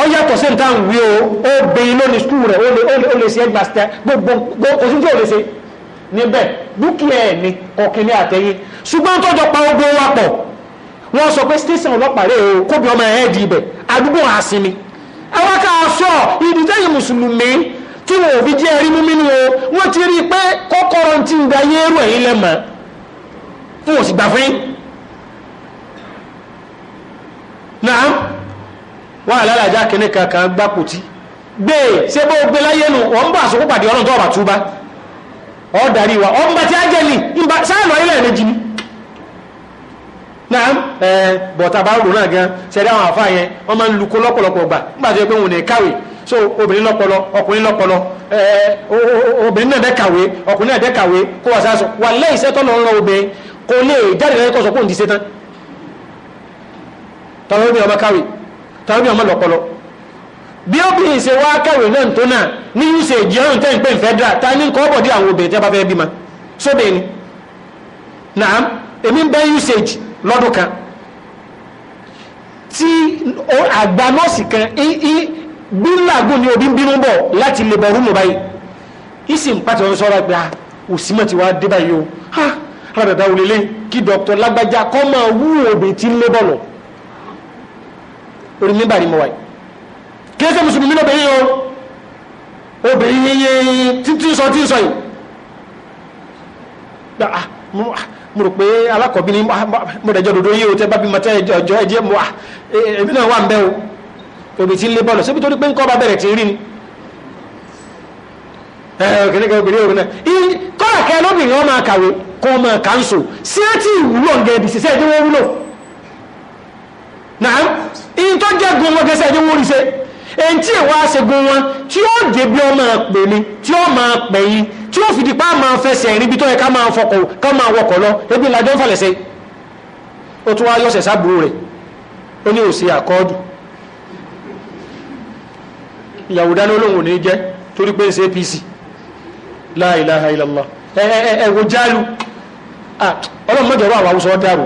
ó yàtọ̀ sí nǹkan wí o ó gbé iná ní school rẹ̀ ó lè ṣe ẹgbà sítẹ́ gbogbo oṣù tí ó lè ṣe níbẹ̀ dúkìá ẹ̀ ni ọ̀kìnní àtẹ̀yìn ṣùgbọ́n tọ́jọ́ pa ogun wa pọ̀ wọ́n sọ pé station ọlọ́pàá rẹ̀ o kóbi ọmọ ẹ̀ di ibẹ̀ àdúgbò àsinmi àwọn kan aṣọ ìdíjẹ́yìn mùsùlùmí tí wọn ò fi jẹ́ ẹrí mú mínú o wọ́n ti rí pé kọ́kọ́rọ́ ti ń da yéèrú ẹ̀yìn lẹ́mọ̀ fún òsì gbà fún náà wọ́n àlálàjá kìíní kankan gbápòtí gbé ṣe bó gbé láyé nù wọ́n bá àsopọ̀ pàdé ọ̀nà tó wa tí a jẹ́ lì sáàlọ̀ ilẹ̀ méjì ni náà ẹ̀ bọ̀tà bá rò náà gan àwọn àfáà yẹn wọ́n máa so obìnrin lọ́pọlọ ọkùnrin lọ́pọlọ obìnrin náà dẹ́kàwé ọkùnrin náà dẹ́kàwé kó wà sáà sọ wà lẹ́yìn sẹ́tọ́ lọ rán obìnrin kò lè jáde lẹ́yìn kọ́sọ̀ kóhùn ti ṣe tán tàwọn obìnrin ọmọ kàwé tàwọn obìnrin ọmọ lọ́pọlọ bí obìnrin ṣe wá kàwé náà tó náà ní ṣe ìjì ọ̀rùn tẹ́ ń pè fẹ́dra ta ní nǹkan ọ̀bọ̀dí àwọn obìnrin tẹ́ bá fẹ́ bímọ sóbìnrin ni naam èmi ń bẹ́ usage lọ́dún kan tí àgbà nọ́ọ̀sì kan bíláàgùn ni òbí ń bínú bọ̀ láti lè bọ̀ rúmù báyìí ìsì ń pàtàkì ọ̀rọ̀ sọ́ra gbà ah, òsìmọ̀ ti wá dé báyìí o ha ah, rádàdà òlélẹ̀ kí dọ́kítọ̀ lágbájá kọ́ máa wú òbí tí ń lé bọ̀ lọ. orí nígbà ni mo wáyé kí ẹsẹ̀ mùsùlùmí náà bẹ̀yìn o obìnrin yẹyẹ títí sọ tí ń sọ yìí ah, mo rò pé alákọ̀ọ́bí ni mo dẹ̀jọ́ dòdò yìí o tẹ́ bá bí mo tẹ́ ẹjọ́ ẹjẹ́ mo à èmi náà wà ń bẹ́ o. obì tí ń lé bọ́ọ̀lù síbi torí pé ń kọ́ bá bẹ̀rẹ̀ tí rí ni kìnnìkan obìnrin òun náà kọ́lá kẹ́ lóbìnrin ọmọ àkàwé kọ́ ọmọ kánṣó sí ẹ tí ìwúlò ń gẹ̀ bìsísẹ́ ẹ̀dín wọ́n wúlò náà ìyìn tó jẹ́ gun wọn gẹ́sẹ̀ ẹ̀dín wọ́n rí sẹ́ èyí tí ìwà àṣegun wọn tí ó dé bí ọmọ pè mí tí ó máa pè yín tí ó fìdí pa máa fẹsẹ̀ rí bí tó yẹ ká máa fọkọ̀ ká máa wọkọ̀ lọ ebi làjọ́ ń falẹ̀ ó tún wá rẹ̀ ìyàwó dáná olóhùn ò ní jẹ́ torí pé ṣe apc la ilaha illallah ẹ ẹ ẹ wo jálù ọlọ́run mọ̀jọ̀ wà wàhùsọ dàrú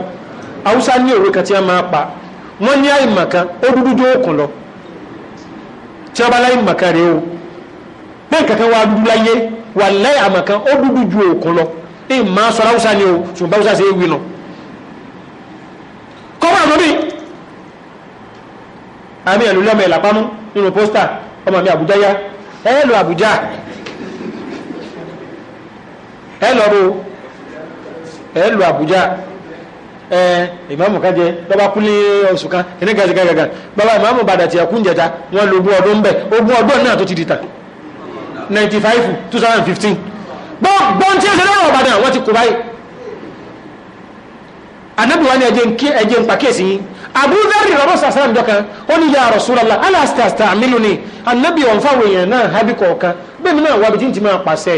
haúsá ní òwe kan tí a máa pa wọ́n ní àìmọ̀ kan ó dúdú jó òkun lọ tí a bá láì mọ̀ kan rèé o pé kankan wà dúdú láyé wà láì àmọ̀ ó dúdú ju òkun lọ ní ìmọ̀ sọ haúsá ni o ṣùgbọ́n haúsá ṣe é wí nù kọ́mọ̀ àmọ́ mi àmì ẹ̀lú lọ́mọ ẹ̀ lápámú nínú pósítà ọmọ mi àbújá yá ẹ lọ àbújá ẹ lọ ro ẹ lọ àbújá ẹ ìmáàmù kájẹ lọ́ba kúlé oṣù kan ẹni gàgàgàgà bàbá ìmáàmù bàdà tí ẹkún jẹta wọn lo ogún ọdún bẹ ogún ọdún náà tó ti dìtà 95 2015 gbọ́n tí ẹ ṣe lọ́wọ́ ọ̀bàdàn wọ́n ti kó báyìí anábìwá ni ẹjẹ ń pàkíyèsí yín abúdárì rọ̀bọ̀ sàṣàrán jọkan ó ní ya Rasulullah alásìtàṣìtà àmìlú ni annabi wọn fáwọn èèyàn náà hábí kọ̀ọ̀kan bẹ́ẹ̀mi náà wà bí tí n ti máa pàṣẹ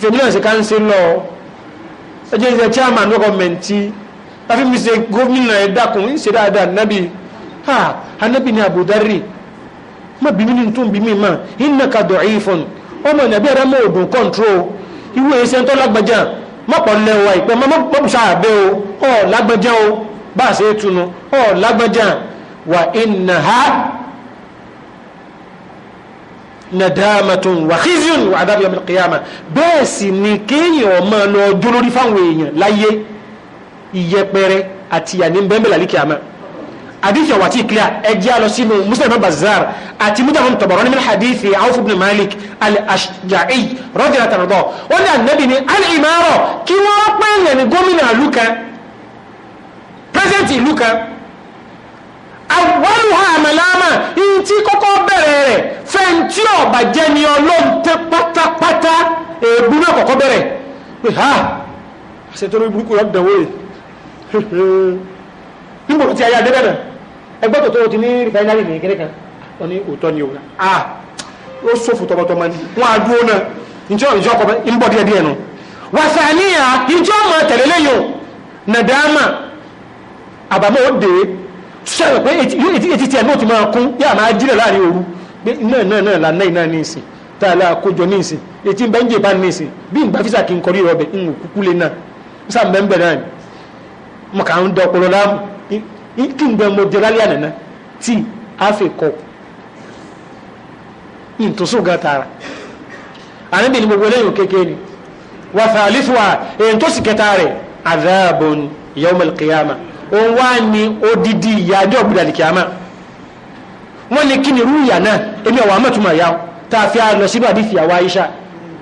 fèmí náà sì ká ń se lọ ẹjẹ́ ìṣẹ́ chairman gọ́ọ̀mẹ̀ntì láfi mi ṣe gómìnà ẹ̀dàkùn ń ṣe dáadáa annabi ha annabi ni abúdárì má bí mi ní tún bí mi mà innaka da'ifun ọmọ ìnàbí ẹ̀rọ mọ́ òdùn kọ́ńtró ìwé ìṣẹ́ntọ́ lágbàjá mọ́pọ̀ lẹ́wà ìpẹ́ mọ́ bá a ṣe é tunu ọ lágbájá wà innaha nadamatun wà khizyun wà adab yawm al-qiyamah bẹ́ẹ̀ sì ni kéèyàn máa lọ ọjọ́ lórí fáwọn èèyàn láyé ìyẹpẹrẹ àti yàní bẹ́ẹ̀bẹ̀ lálẹ́ kìámà hadithi wa ti clear ẹjẹ́ lọ sínú muslim bazar àti mutafam tabarani min hadithi awf ibn malik al-ashja'i radiyallahu anhu wọ́n ní anabi ni al kí wọ́n pẹ́yẹ̀ ní gómìnà àlùkà pẹ́sẹ̀ntì ìlú kan àwọn àmàlámà yìí tí kọ́kọ́ bẹ̀rẹ̀ rẹ̀ fẹ́ntì ọ̀bà jẹ́ ni ọlọ́run tẹ́ pátápátá èébú náà kọ́kọ́ bẹ̀rẹ̀ pé ha ṣe tó lórí burúkú lọ́dọ̀ wòye nígbà tó ti ayé adé bẹ̀rẹ̀ ẹgbẹ́ tó tó ti ní rìfáínárì ní kéré kan wọ́n ní òótọ́ ni òun ah ó sófò tọmọtọmọ ni wọ́n á dúró náà njẹ́ ìjọ ọkọ̀ ń bọ̀ díẹ̀ díẹ̀ nu wàsàníyà ìjọ ọmọ tẹ̀lé lẹ́yìn nàdámà àbámọ́ ó dé sọ̀rọ̀ pé etí tí ẹ̀ náà ti máa kún yá máa jílẹ̀ láàrin òru pé náà náà náà là náà náà ní ìsìn tá a lè àkójọ ní ìsìn etí ń bẹ́ ń jè bá ní ìsìn bí n gba fisa kí n kọrí rọbẹ̀ n ò kúkú lé náà n sá bẹ́ẹ̀ bẹ́ẹ̀ náà ni mo kà ń dọpọlọ láàmú kí n gbẹ mo jẹ lálẹ́ àná tí a fè kọ́ ntòsó ga tààrà àníbi ni gbogbo eléyìí kékeré ni wàtàlífù èyí tó sì kẹta rẹ̀ àdáàbò yawm òun odidi ìyájọ́ ògbìdàlìkì wọ́n ní kí ni irú ìyà náà èmi ọ̀wà mẹ́tùmọ̀ ìyá tá a fi lọ síbà bí fìyàwó Aisha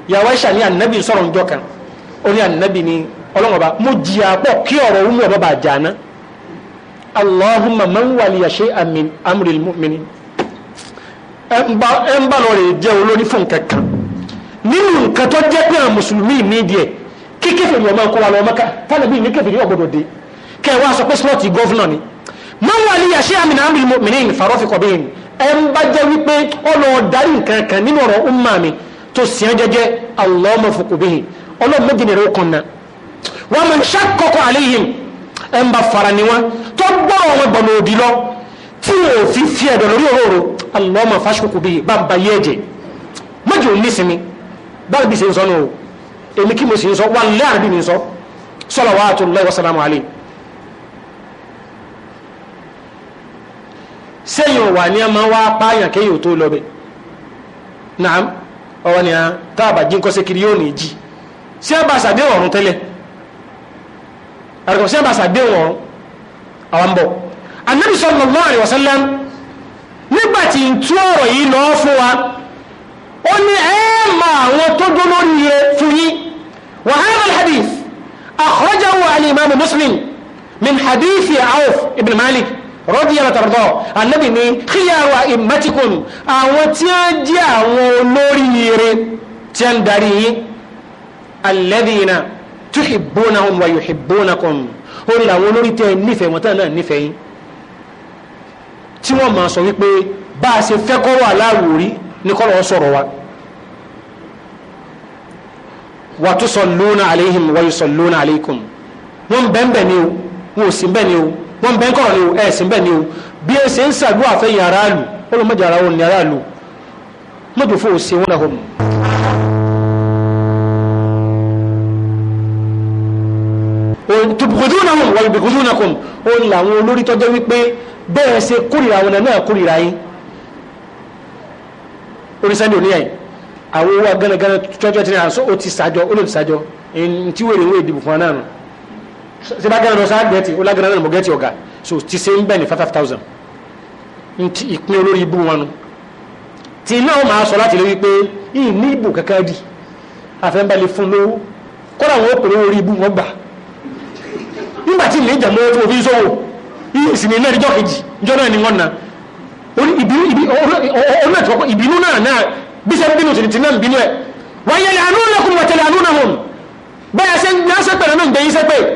ìyàwó Aisha ní ànábì sọ̀rọ̀ ń jọkàn ó ní ànábì ní ọlọ́mọba mo jìyà pọ̀ kí ọ̀rọ̀ òun mọ̀ bàbà jàná Allahumma man waliya shay'an min amril mu'minin ẹ ń bá lọ rè olórí fún nínú nǹkan tó pé àwọn mùsùlùmí ni ọmọ wa ni kẹwàá sọ pé slọ́ọ̀tì gọ́vnà ni mọ́wọ́ àlíyà ṣé àmì náà mílíọ̀nù mìíràn fàrọ́fì kọ̀ bẹ́ẹ̀ ni ẹ ń bá jẹ́ wípé ọlọ́ darí nǹkan kan nínú ọ̀rọ̀ umma mi tó sì ń jẹ́jẹ́ Allahumma fòkò bẹ́ẹ̀ ọlọ́mọ jìnnìrì ó kàn náà wọ́n mọ̀ ṣàkọ́kọ́ àléyìn ẹ ń bá fara ni wọn tó gbọ́ wọn gbọ̀nà òdì lọ tí wọn ò fi fi ẹ̀dọ̀ lórí òróró Allahumma fàṣọkò bẹ́ẹ̀ bá ba yé ẹ̀jẹ̀ mọ́jọ́ ní sinmi báyìí bí ṣe ń sọ nù o kí mo sì ń sọ wà lẹ́ mi ń sọ salawatullahi wa salamu alayhi sẹ́yìn wà ní ọmọ wá pààyàn kéyìn tó lọ bẹ naam ọwọ́ ni a táàbà jí nkọ́sẹ́ kiri yóò ní jí sí àbàṣà dé ọ̀run tẹ́lẹ̀ àrùkọ̀ sí àbàṣà dé ọ̀run àwọn bọ̀ anabi sallallahu alaihi nígbà tí n tú ọ̀rọ̀ yìí lọ́ fún wa ó ní ẹ ma àwọn tó dó lórí fún yín wa hadha al-hadith muslim min hadithi Auf ibn Malik rọ́díyàlá tàrọ́dọ́ anábì ní kíyàwó ìmẹ́tíkùn àwọn tí ó jẹ́ àwọn olóríire tí ó ń darí yín alẹ́dìínà túhìbónà wọn wà yòhìbónà kan ó ní àwọn olórí tẹ́ nífẹ̀ẹ́ wọn tẹ́lẹ̀ nífẹ̀ẹ́ yín tí wọ́n máa sọ wípé bá a ṣe fẹ́ kọ́rọ̀ aláwòrí ní kọ́rọ̀ sọ̀rọ̀ wa wà lónà àléhìn wà lónà àléhìn wọn bẹ́ẹ̀ bẹ́ẹ̀ ni o wọn ò bẹ́ẹ̀ ni o wọ́n bẹ́ ń kọ̀rọ̀ ni o ẹ̀sìn bẹ́ẹ̀ ni o bí ẹ ṣe ń sàlú àfẹ́yìn aráàlú olùmọ̀jọ ara wọn ni aráàlú mọ́jọ fún òsè wọn náà hàn. tùbùkùdù náà hàn wọ́n ìbùkùdù náà kùn ó ní àwọn olórí tọ́jọ́ wípé bẹ́ẹ̀ ṣe kórìíra wọn náà kórìíra yín oníṣẹ́ni òníyàn àwọn owó agánagánà tọ́jọ́ ti ní àṣọ ó ti sàjọ ó lè ti sàjọ ní tí wèrè ń wé ìdìbò fún ọ náà nù ṣe bá gánà lọ sáà gẹ̀ẹ́tì ó lágbára náà mọ̀ gẹ̀ẹ́tì ọ̀gá so ti ṣe ń bẹ̀ ní five thousand ntí ìpín olórí ibú wọn nu tí iná wọn máa sọ láti lè wípé yìí ní ìbò kankan di àfẹnbalẹ̀ fún lówó kọ́ra àwọn òpèrè orí ibú wọn gbà nígbà tí ilé ìjà lọ́wọ́ tí mo fi ń sọ́wọ́ yìí sì ní iná ìjọ kejì ìjọ náà ni wọ́n na ìbínú náà náà bí sẹ́ni bínú tìǹtì náà ń bínú ẹ̀ wáyé làánú lẹ́kùn wọ̀tẹ̀ làánú náà hàn bẹ́ẹ̀ ṣe ń gbé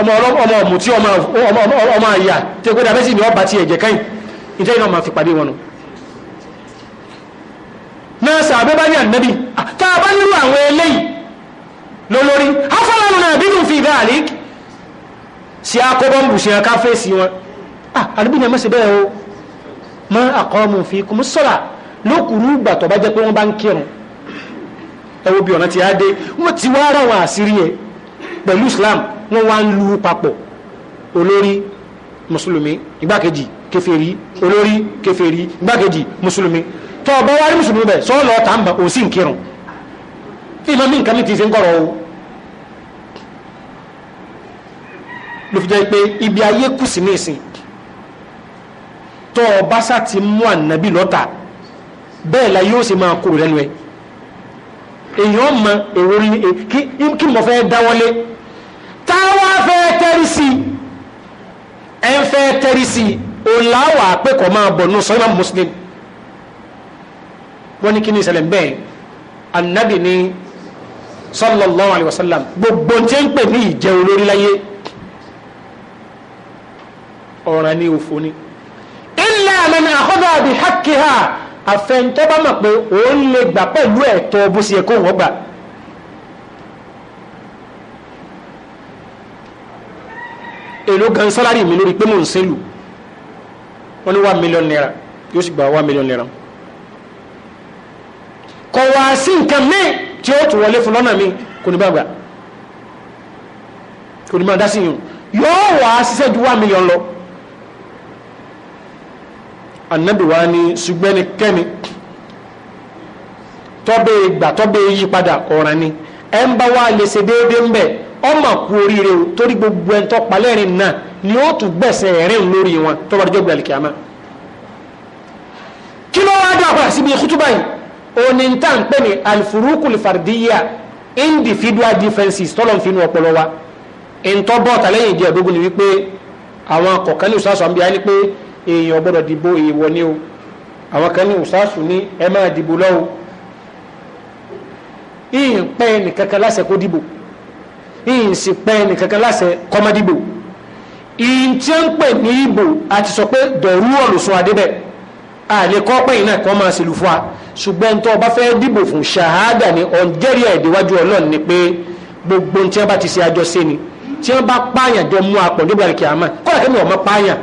ọmọ ọmọ tí ọmọ àyà tí ó pé dábẹ́sì ni ọba ti ẹ̀jẹ̀ káyìn ìjẹ́ iná ma fi pàdé wọn nù náà sàbẹ́ bá ní ànábì tá a bá nírú àwọn eléyìí lólórí afọ́lọ́run náà bí fi dáàlì sí akọ́bọ́mbù sí aká fèsì wọn àdúgbò ní ẹmẹ́sì bẹ́ẹ̀ o mọ́ àkọ́mù fi kùmú sọ́ra lókùrú gbà tó bá jẹ́ pé wọ́n bá ń kírun ẹ bí ọ̀nà ti á dé wọ́n ti wá ara wọn àṣírí ẹ̀ pẹ̀lú islam wọ́n wá ń lu papọ̀ olórí mùsùlùmí igbákejì kèfèrí olórí kèfèrí igbákejì mùsùlùmí tó ọba wá rí mùsùlùmí bẹ̀ sọ́ lọ́ọ́ tàǹbà ò sí nkírun ìmọ̀ mí nǹkan mi ti fi ń kọ̀rọ̀ o ló fi jẹ́ pé ibi ayé kù sí ní ìsìn ọba sá ti mú ànábì lọ́ta bẹ́ẹ̀ la yóò ṣe máa kúrò lẹ́nu ẹ̀ èèyàn mọ èrò rí kí mo fẹ́ dáwọ́lé tẹ́rìsì ẹ̀ ń fẹ́ tẹ́rìsì òláwà pé kò máa bọ̀ nù sọ́yìnbá muslim wọ́n ní kí ni ìṣẹ̀lẹ̀ bẹ́ẹ̀ anabi ni sallallahu alayhi wa sallam gbogbo tí ń pè ní ìjẹ olórí láyé ọ̀ràn ni òfò ni illa man akhadha bi haqqiha àfẹ́ntọ́ bá mọ̀ pé òun lè gbà pẹ̀lú ẹ̀tọ́ bó ṣe yẹ kó wọ́n gbà èló gan sálárì mi lórí pé mò ń sẹ́lù wọ́n ní one million naira yóò sì gba one million naira kò wá sí nǹkan míì tí ó tún wọlé fún lọ́nà mi kò ní bá gbà kò ní máa dá sí yìí yóò wá ṣiṣẹ́ ju one million lọ anabi wa ni ṣùgbẹ́ni kẹ́ni tọ́bẹ̀ ìgbà tọ́bẹ̀ yí padà ọ̀ràn ni ẹ wa lè ṣe déédéé ń bẹ̀ ọmọ kú oríire o torí gbogbo ẹ̀ ń tọ́ palẹ́rìn náà ni ó tún gbẹ̀sẹ̀ ẹ̀rín lórí wọn tó bá dé jọ́gbìn àlìkíyàmá kí ló wá dá padà síbi ìkútúbà yìí òní tá ń pè ní alfurukul fardiya individual defences tọ́lọ̀ ń fi inú ọpọlọ wa ìntọ́ bọ́ọ̀tà lẹ́yìn ìdí ẹ̀dógún ni wípé àwọn kọ̀ọ̀kan ní ìsásùn àbíyá ni pé èèyàn gbọ́dọ̀ dìbò èèwọ̀ ni o àwọn kan ní ìsásùn ní ẹ máa dìbò lọ́wọ́ ìyìn pẹ́ nìkankan láṣẹ kó dìbò ìyìn sì pẹ́ nìkankan láṣẹ kọ́mọ́ dìbò ìyìn tí ó ń pè ní ìbò àti sọ pé dọ̀rú ọ̀lùsùn adébẹ̀ àlè kọ́ pé iná kan máa ṣèlú fún wa ṣùgbọ́n tó o bá fẹ́ dìbò fún ṣàhádà ní ọ̀njẹ́rì ẹ̀dẹ́wájú ọlọ́run ni pé gbogbo tí wọ́n bá ti ṣe àjọṣe ni tí wọ́n bá pààyàn jọ mú apọ̀ nígbà kí a mọ̀ kọ́lá kí wọ́n mọ̀ pààyàn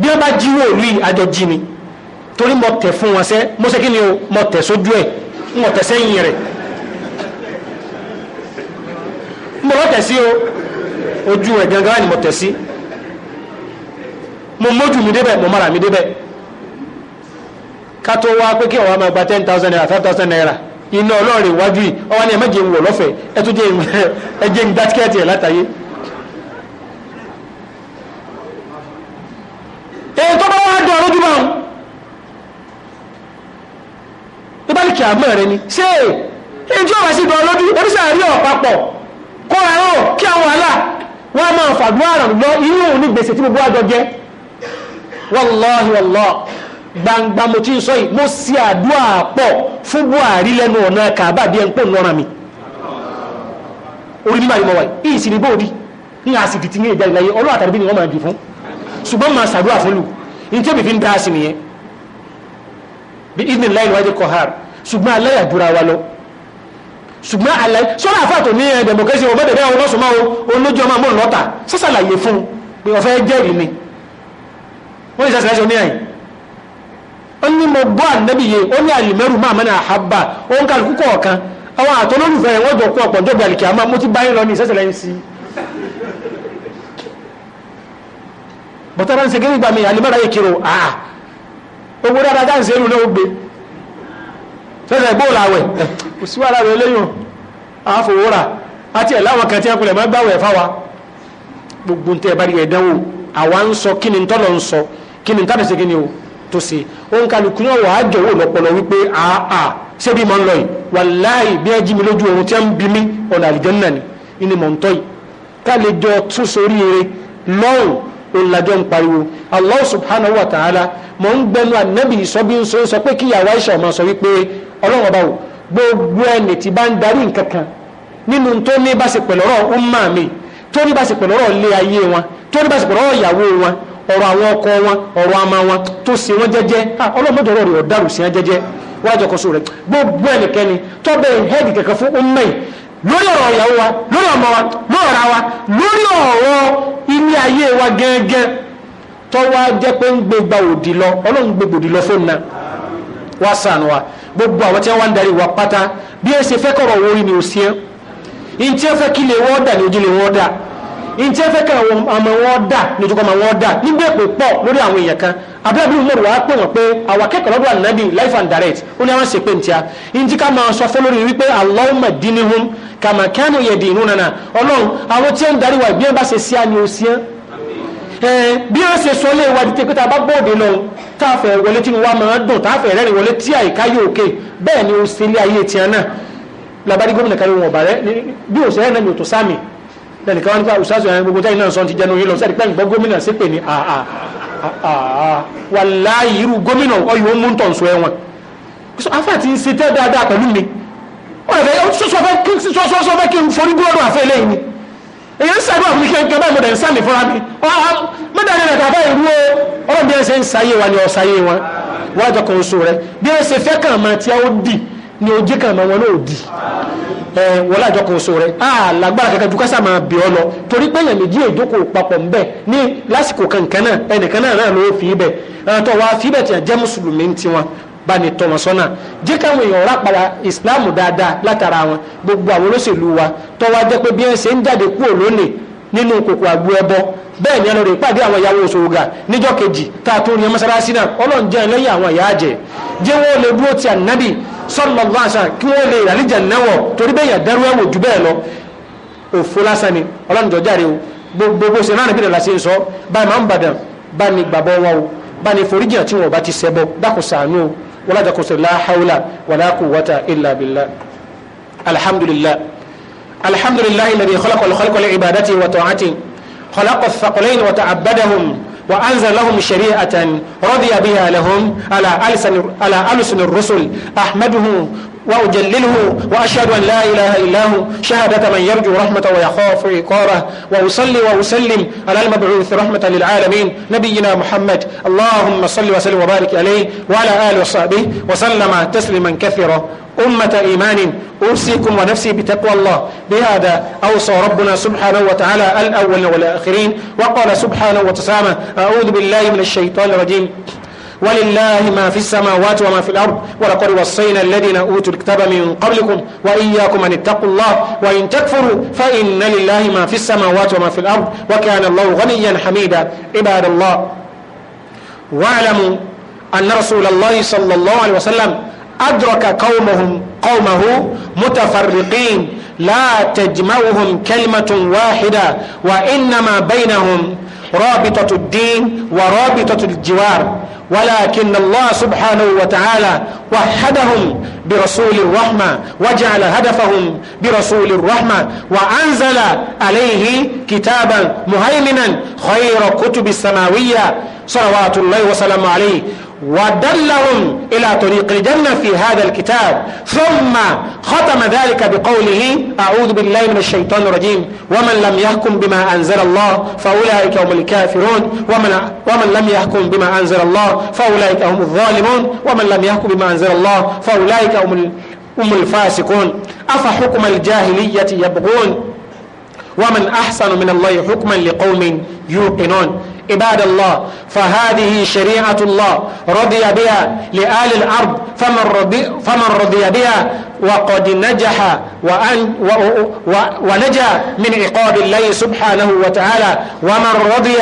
bí wọ́n bá jíwò ní àjọ jí ni torí mo tẹ̀ fún wọn sẹ́ mo kí ni o mo tẹ̀ sójú ẹ̀ mo tẹ̀ sẹ́yìn rẹ̀ mo lọ tẹ̀ sí o ojú rẹ̀ gangan ni mo tẹ̀ sí mo mójú mi débẹ̀ mo mara mi débẹ̀ ká tó pé kí ọ̀wá máa gba ten thousand naira five thousand naira iná ọlọ́ọ̀rẹ̀ iwájú yìí ọwọ́ ni ẹ méje ń wọ̀ lọ́fẹ̀ẹ́ ẹ tún jẹ́ ẹ jẹ́ ń dá ẹ̀ látàyé. èyí tó bá wá dán lójú bá wọn. sálìkì àmọ́ rẹ ni ṣé èyí tí ó bá sì dán lójú oníṣẹ́ àrí ọ̀pápọ̀ kó ara ọ̀ kí àwọn àlà wọn máa fàdúrà ràn lọ inú òun ní gbèsè tí gbogbo àjọ jẹ wallahi wallahi gbangba mo ti ń sọ yìí mo ṣe àdúrà pọ̀ fún Buhari lẹ́nu ọ̀nà kàbá bí ẹ ń pò nọ́ra mi orí mímọ̀ àrímọ̀ wáyé ìyí sì ni bóòrí ní àsìkò tí ní ìjà ìlàyé ọlọ́ àtàrí bí ni wọ́n máa dì fún ṣùgbọ́n máa ṣàdúrà fún lù ní tí ó bì fi ń dá sí nìyẹn bí ìdìní láì wájú kọ̀ ṣùgbọ́n aláyàjúra wa lọ ṣùgbọ́n aláì sọ́rọ̀ àfàtò ní ẹ̀ eh, democracy ọmọdé bẹ́ẹ̀ wọn lọ́sùnmọ́ o olójú ọmọ mọ́ lọ́ta sásàlàyé fún pé ọ̀fẹ́ jẹ́rì ni wọ́n ìsẹ́sẹ̀ lẹ́sẹ̀ oníyàn ó ní mo gbọ́ ànábìyẹ ó ní àlìmẹ́rù máa mẹ́rin àhábà ó ń kálukú kọ̀ọ̀kan àwọn àtọ́lólùfẹ́ wọ́n jọ kú ọ̀pọ̀ jọ́gbẹ̀ àlìkì àmọ́ mo ti báyìí lọ ní ìsẹ́sẹ̀ lẹ́yìn sí bọ́tọ́rọ́ ń se gẹ́gbà mi àlìmẹ́rù ayé kiri o owó dáadáa dáa ń se é lù náà ó gbé sẹ́sẹ̀ gbóòlà àwẹ̀ eh, kò sí wàhálà rẹ̀ lẹ́yìn àfòwòrà àti ẹ̀ láwọn kan tí wọ́n kulẹ̀ máa gbàwẹ̀ fáwa gbogbo ntẹ́ ẹ̀ bá rí ẹ̀dánwò àwa ń sọ kí ni ntọ́lọ̀ ń sọ kí ni ntàbí ṣe kí ni o tó ṣe òun kálukú náà wàá jọ̀wọ́ lọ́pọ̀lọ́ wípé àà ṣébi mọ́ ń lọ yìí wàláì bí ẹ jí mi lójú oorun tí wọ́n ń bi mí ọ̀nà àlùjánnà ni ni mọ̀ ń tọ́ yìí olùlàjọ ń pariwo Allah subhanahu wa ta'ala mọ̀ ń gbẹnu ànábì ìsọ́bí ń sọ pé kíyàwó àìsàn máa sọ wípé ọlọ́run ọba gbogbo ẹni tí bá ń darí nǹkan kan nínú tó ní bá ṣe pẹ̀lú ọ̀rọ̀ ọmọ mi tó ní bá ṣe pẹ̀lú ọ̀rọ̀ ayé wọn tó ní bá ṣe pẹ̀lú ìyàwó wọn ọ̀rọ̀ àwọn ọkọ wọn ọ̀rọ̀ àmà wọn tó ṣe ah, wọn jẹ́jẹ́ ọlọ́run gbogbo tó hẹ́ẹ̀dì kankan fún ọmọ yìí lórí ọ̀rọ̀ ìyàwó wa lórí ọmọ wa lórí wa lórí ọ̀rọ̀ ilé ayé wa gẹ́gẹ́ tó wá gbogbo àwọn tí wọ́n ń darí wa pátá bí ẹ ṣe fẹ́ kọ̀rọ̀ owó ni ò sí ẹ́ in tí ẹ fẹ́ kí lè wọ́n dà ní ojúlé wọ́n dà in tí ẹ fẹ́ kí àwọn ọmọ wọn dà ní ojúkọ́ ọmọ wọn dà nígbà èpè pọ̀ lórí àwọn èèyàn kan abúlé mọ̀ wá pè wọ́n pé àwọn akẹ́kọ̀ọ́ lọ́dọ̀ ànábì life and direct ó ní àwọn ṣe pé ntíya in tí ká máa sọ fún lórí wípé Allahumma dinihum kàmá kánú yẹ̀dì ìrúnana ọlọ́run àwọn tí ń darí wa ìbí bá ṣe sí á ni ó bí ó ṣe sọ lé ìwádìí tẹ́ pé tá a bá bóde lọ tá a fẹ́ wọlé tí wa máa dùn tá a fẹ́ rẹ́rìn wọlé tí àyíká yóò ké bẹ́ẹ̀ ni o ṣe ilé ayé tiẹ̀ náà labadi gómìnà kan wọn ọba rẹ bí o ṣe rẹ́ náà yóò tó sáàmì lẹ́nu kan wá nípa òṣàṣù yẹn gbogbo táyì náà sọ ti jẹnu yín lọ sẹ́ni pẹ́ǹgbọ́ gómìnà sí pè ní àà wàláyé irú gómìnà ọyọ mú ń tọ̀nsọ ẹ̀wọ̀n afa ti ń ṣe tẹ́ dáadáa pẹ̀lú mi ọ̀rẹ́ fẹ́ sọ́sọ́ fẹ́ kí n forí gbọ́dọ̀ àfẹ́ lẹ́yìn ni èyí sábà fún kí ẹgbẹ́ mọ̀dẹ̀ ń sáàmì fúnra mi mọ́dàrí rẹ̀ bàbá ìrú o ọ̀rọ̀ bí ẹ ṣe ń sáyé wa ni ọ̀ sáyé wọn wọ́n àjọ kan oṣù rẹ̀ bí ẹ ṣe fẹ́ kàn máa tí ó dì ni ojú kàn máa wọn náà dì wọ́n àjọ kan oṣù rẹ̀ àlágbára kankan ju kásá máa bì ọ́ lọ torí pé èèyàn méjì èjókòó papọ̀ ń bẹ ní lásìkò kankan náà ẹnìkan náà náà ló fi ibẹ̀ ẹ̀tọ́ wa fi ibẹ̀ tí a jẹ́ mùsùlùmí tiwọn bani ní tọmọ sọ́nà jẹ́ káwọn èèyàn rà padà ìsìláàmù dáadáa látara wọn gbogbo àwọn olóṣèlú wa tọ́wọ́ jẹ́ pé bí wọ́n ṣe ń jáde kúrò lónìí nínú kòkò àgbo ẹbọ bẹ́ẹ̀ ni ẹlọ́rẹ̀ ìpàdé àwọn ìyàwó òṣòwògà níjọ́ kejì táàtún ní mọ́sálásí náà ọlọ́run jẹ́ ẹlẹ́yìn àwọn ìyá àjẹ́ jẹ́ wọ́n lè dúró ti ànábì sallallahu alaihi wasallam kí wọ́n lè ìrànlíjà náwọ̀ torí bẹ́ẹ̀ yà dẹ́rú ẹ̀wò jù lọ òfo lásán ni ọlọ́run jọ o gbogbo ṣe náà nípìnlẹ̀ lásì ń sọ báyìí máa ń bàdàn bá gbàgbọ́ wọn o bá foríjì àti wọn ò bá ti ṣẹbọ dákùn ṣàánú o wala ta kusa la haula wala quwwata illa billah alhamdulillah alhamdulillah alladhi khalaqa al-khalqa li ibadati wa ta'ati khalaqa ath-thaqlayn wa وأنزل لهم شريعة رضي بها لهم على ألسن, على ألسن الرسل أحمده وأجلله وأشهد أن لا إله إلا هو شهادة من يرجو رحمة ويخاف عقابه وأصلي وأسلم على المبعوث رحمة للعالمين نبينا محمد اللهم صل وسلم وبارك عليه وعلى آله وصحبه وسلم تسليما كثيرا أمة إيمان أوصيكم ونفسي بتقوى الله بهذا أوصى ربنا سبحانه وتعالى الأول والآخرين وقال سبحانه وتسامى أعوذ بالله من الشيطان الرجيم ولله ما في السماوات وما في الأرض ولقد وصينا الذين أوتوا الكتاب من قبلكم وإياكم أن اتقوا الله وإن تكفروا فإن لله ما في السماوات وما في الأرض وكان الله غنيا حميدا عباد الله واعلموا أن رسول الله صلى الله عليه وسلم أدرك قومهم قومه متفرقين لا تجمعهم كلمة واحدة وإنما بينهم رابطة الدين ورابطة الجوار ولكن الله سبحانه وتعالى وحدهم برسول الرحمة وجعل هدفهم برسول الرحمة وأنزل عليه كتابا مهيمنا خير كتب السماوية صلوات الله وسلامه عليه ودلهم إلى طريق الجنة في هذا الكتاب ثم ختم ذلك بقوله أعوذ بالله من الشيطان الرجيم ومن لم يحكم بما أنزل الله فأولئك هم الكافرون ومن, ومن لم يحكم بما أنزل الله فأولئك هم الظالمون ومن لم يحكم بما أنزل الله فأولئك هم, هم الفاسقون أفحكم الجاهلية يبغون ومن أحسن من الله حكما لقوم يوقنون عباد الله فهذه شريعة الله رضي بها لآل الأرض فمن رضي, فمن رضي بها وقد نجح وأن و و ونجا من عقاب الله سبحانه وتعالى ومن رضي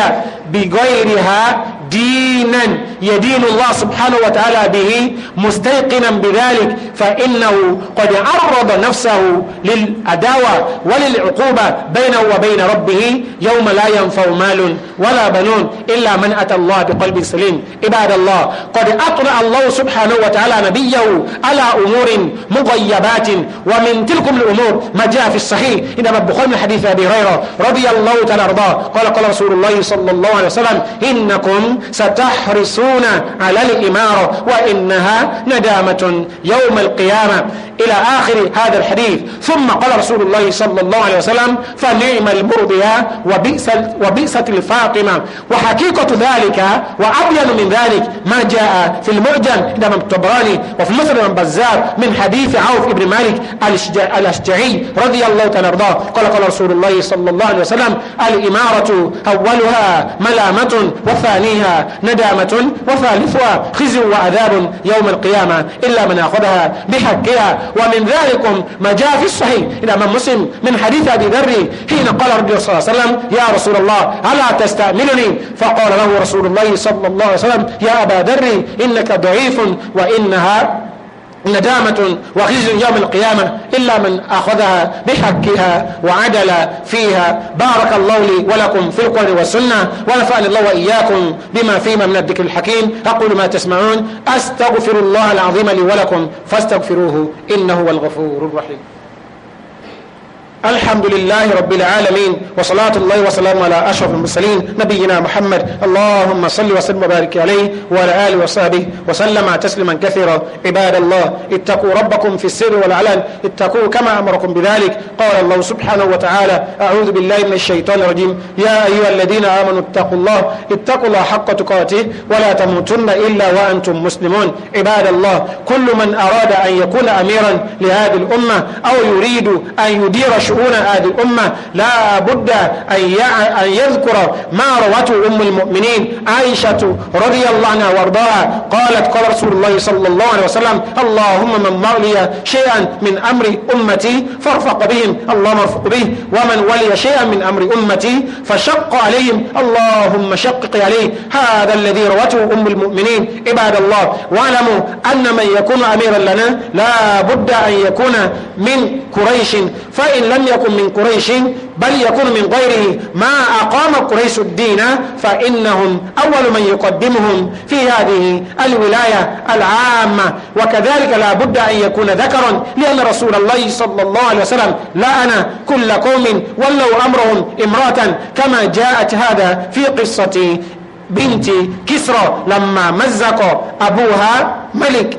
بغيرها دينا يدين الله سبحانه وتعالى به مستيقنا بذلك فإنه قد عرض نفسه للعداوة وللعقوبة بينه وبين ربه يوم لا ينفع مال ولا بنون إلا من أتى الله بقلب سليم عباد الله قد أطلع الله سبحانه وتعالى نبيه على أمور مغيبات ومن تلكم الأمور ما جاء في الصحيح إنما البخاري من حديث أبي هريرة رضي الله تعالى أرضاه قال قال رسول الله صلى الله عليه وسلم إنكم ستحرصون على الإمارة وإنها ندامة يوم القيامة إلى آخر هذا الحديث ثم قال رسول الله صلى الله عليه وسلم فنعم المرضية وبئس وبئست الفاطمة وحقيقة ذلك وأبين من ذلك ما جاء في المعجم إمام الطبراني وفي مصر بن بزار من حديث عوف بن مالك الأشجعي رضي الله تعالى قال قال رسول الله صلى الله عليه وسلم الإمارة أولها ملامة وثانيها ندامة وثالثها خزي وعذاب يوم القيامة إلا من أخذها بحقها ومن ذلكم ما جاء في الصحيح إلى من مسلم من حديث أبي ذر حين قال ربي صلى الله عليه وسلم يا رسول الله ألا تستأملني فقال له رسول الله صلى الله عليه وسلم يا أبا ذر إنك ضعيف وإنها ندامة وخزي يوم القيامة إلا من أخذها بحقها وعدل فيها بارك الله لي ولكم في القرآن والسنة ونفعني الله وإياكم بما فيما من الذكر الحكيم أقول ما تسمعون أستغفر الله العظيم لي ولكم فاستغفروه إنه هو الغفور الرحيم الحمد لله رب العالمين وصلاة الله وسلام على أشرف المرسلين نبينا محمد اللهم صل وسلم وبارك عليه وعلى آله وصحبه وسلم تسليما كثيرا عباد الله اتقوا ربكم في السر والعلن اتقوا كما أمركم بذلك قال الله سبحانه وتعالى أعوذ بالله من الشيطان الرجيم يا أيها الذين آمنوا اتقوا الله اتقوا الله حق تقاته ولا تموتن إلا وأنتم مسلمون عباد الله كل من أراد أن يكون أميرا لهذه الأمة أو يريد أن يدير شؤون هذه الأمة لا بد أن يذكر ما روته أم المؤمنين عائشة رضي الله عنها وارضاها قالت قال رسول الله صلى الله عليه وسلم اللهم من ولي شيئا من أمر أمتي فارفق بهم اللهم ارفق به ومن ولي شيئا من أمر أمتي فشق عليهم اللهم شقق عليه هذا الذي روته أم المؤمنين عباد الله واعلموا أن من يكون أميرا لنا لا بد أن يكون من قريش فإن لم لم يكن من قريش بل يكون من غيره ما أقام قريش الدين فإنهم أول من يقدمهم في هذه الولاية العامة وكذلك لا بد أن يكون ذكرا لأن رسول الله صلى الله عليه وسلم أنا كل قوم ولوا أمرهم امرأة كما جاءت هذا في قصة بنت كسرى لما مزق أبوها ملك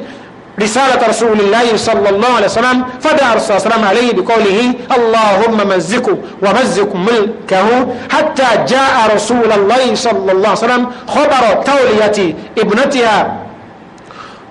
رسالة رسول الله صلى الله عليه وسلم فدعا رسول الله عليه بقوله اللهم مزقه ومزق ملكه حتى جاء رسول الله صلى الله عليه وسلم خبر تولية ابنتها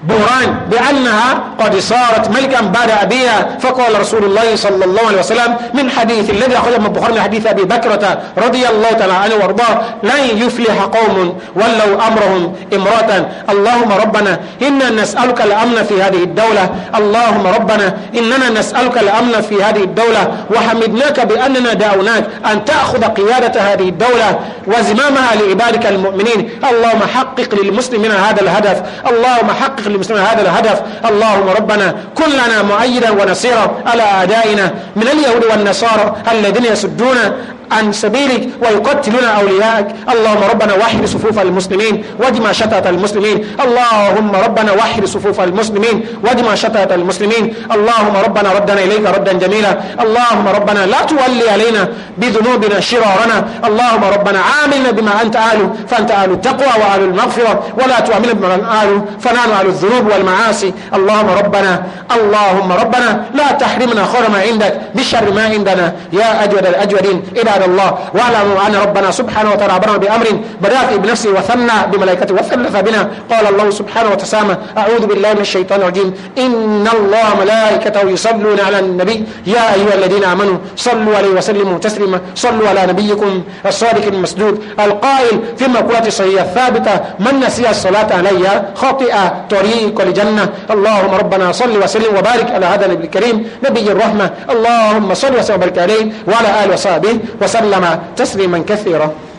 بوران بأنها قد صارت ملكا بعد أبيها فقال رسول الله صلى الله عليه وسلم من حديث الذي أخرجه من البخاري من حديث أبي بكرة رضي الله تعالى عنه وارضاه لن يفلح قوم ولوا أمرهم امرأة اللهم ربنا إنا نسألك الأمن في هذه الدولة اللهم ربنا إننا نسألك الأمن في هذه الدولة وحمدناك بأننا دعوناك أن تأخذ قيادة هذه الدولة وزمامها لعبادك المؤمنين اللهم حقق للمسلمين هذا الهدف اللهم حقق كل مسلم هذا الهدف اللهم ربنا كلنا معيدا مؤيدا ونصيرا على أعدائنا من اليهود والنصارى الذين يسدون عن سبيلك ويقتلون أوليائك اللهم ربنا وحد صفوف المسلمين واجمع شتات المسلمين اللهم ربنا وحد صفوف المسلمين واجمع شتات المسلمين اللهم ربنا ردنا إليك ردا جميلا اللهم ربنا لا تولي علينا بذنوبنا شرارنا اللهم ربنا عاملنا بما أنت أهله فأنت أهل التقوى وأهل المغفرة ولا تعاملنا بما أنت أهله فنحن أهل الذنوب الذنوب والمعاصي اللهم ربنا اللهم ربنا لا تحرمنا خير ما عندك بشر ما عندنا يا أجود الأجودين إلى الله واعلموا أن ربنا سبحانه وتعالى عبرنا بأمر بدأت بنفسه وثنى بملائكته وثلث بنا قال الله سبحانه وتسامى أعوذ بالله من الشيطان الرجيم إن الله ملائكته يصلون على النبي يا أيها الذين آمنوا صلوا عليه وسلموا تسليما صلوا على نبيكم الصادق المسدود القائل في المقولة الصحيحة الثابتة من نسي الصلاة علي خطئ تريد رفيق الجنة اللهم ربنا صل وسلم وبارك على هذا النبي الكريم نبي الرحمة اللهم صل وسلم وبارك عليه وعلى آله وصحبه وسلم تسليما كثيرا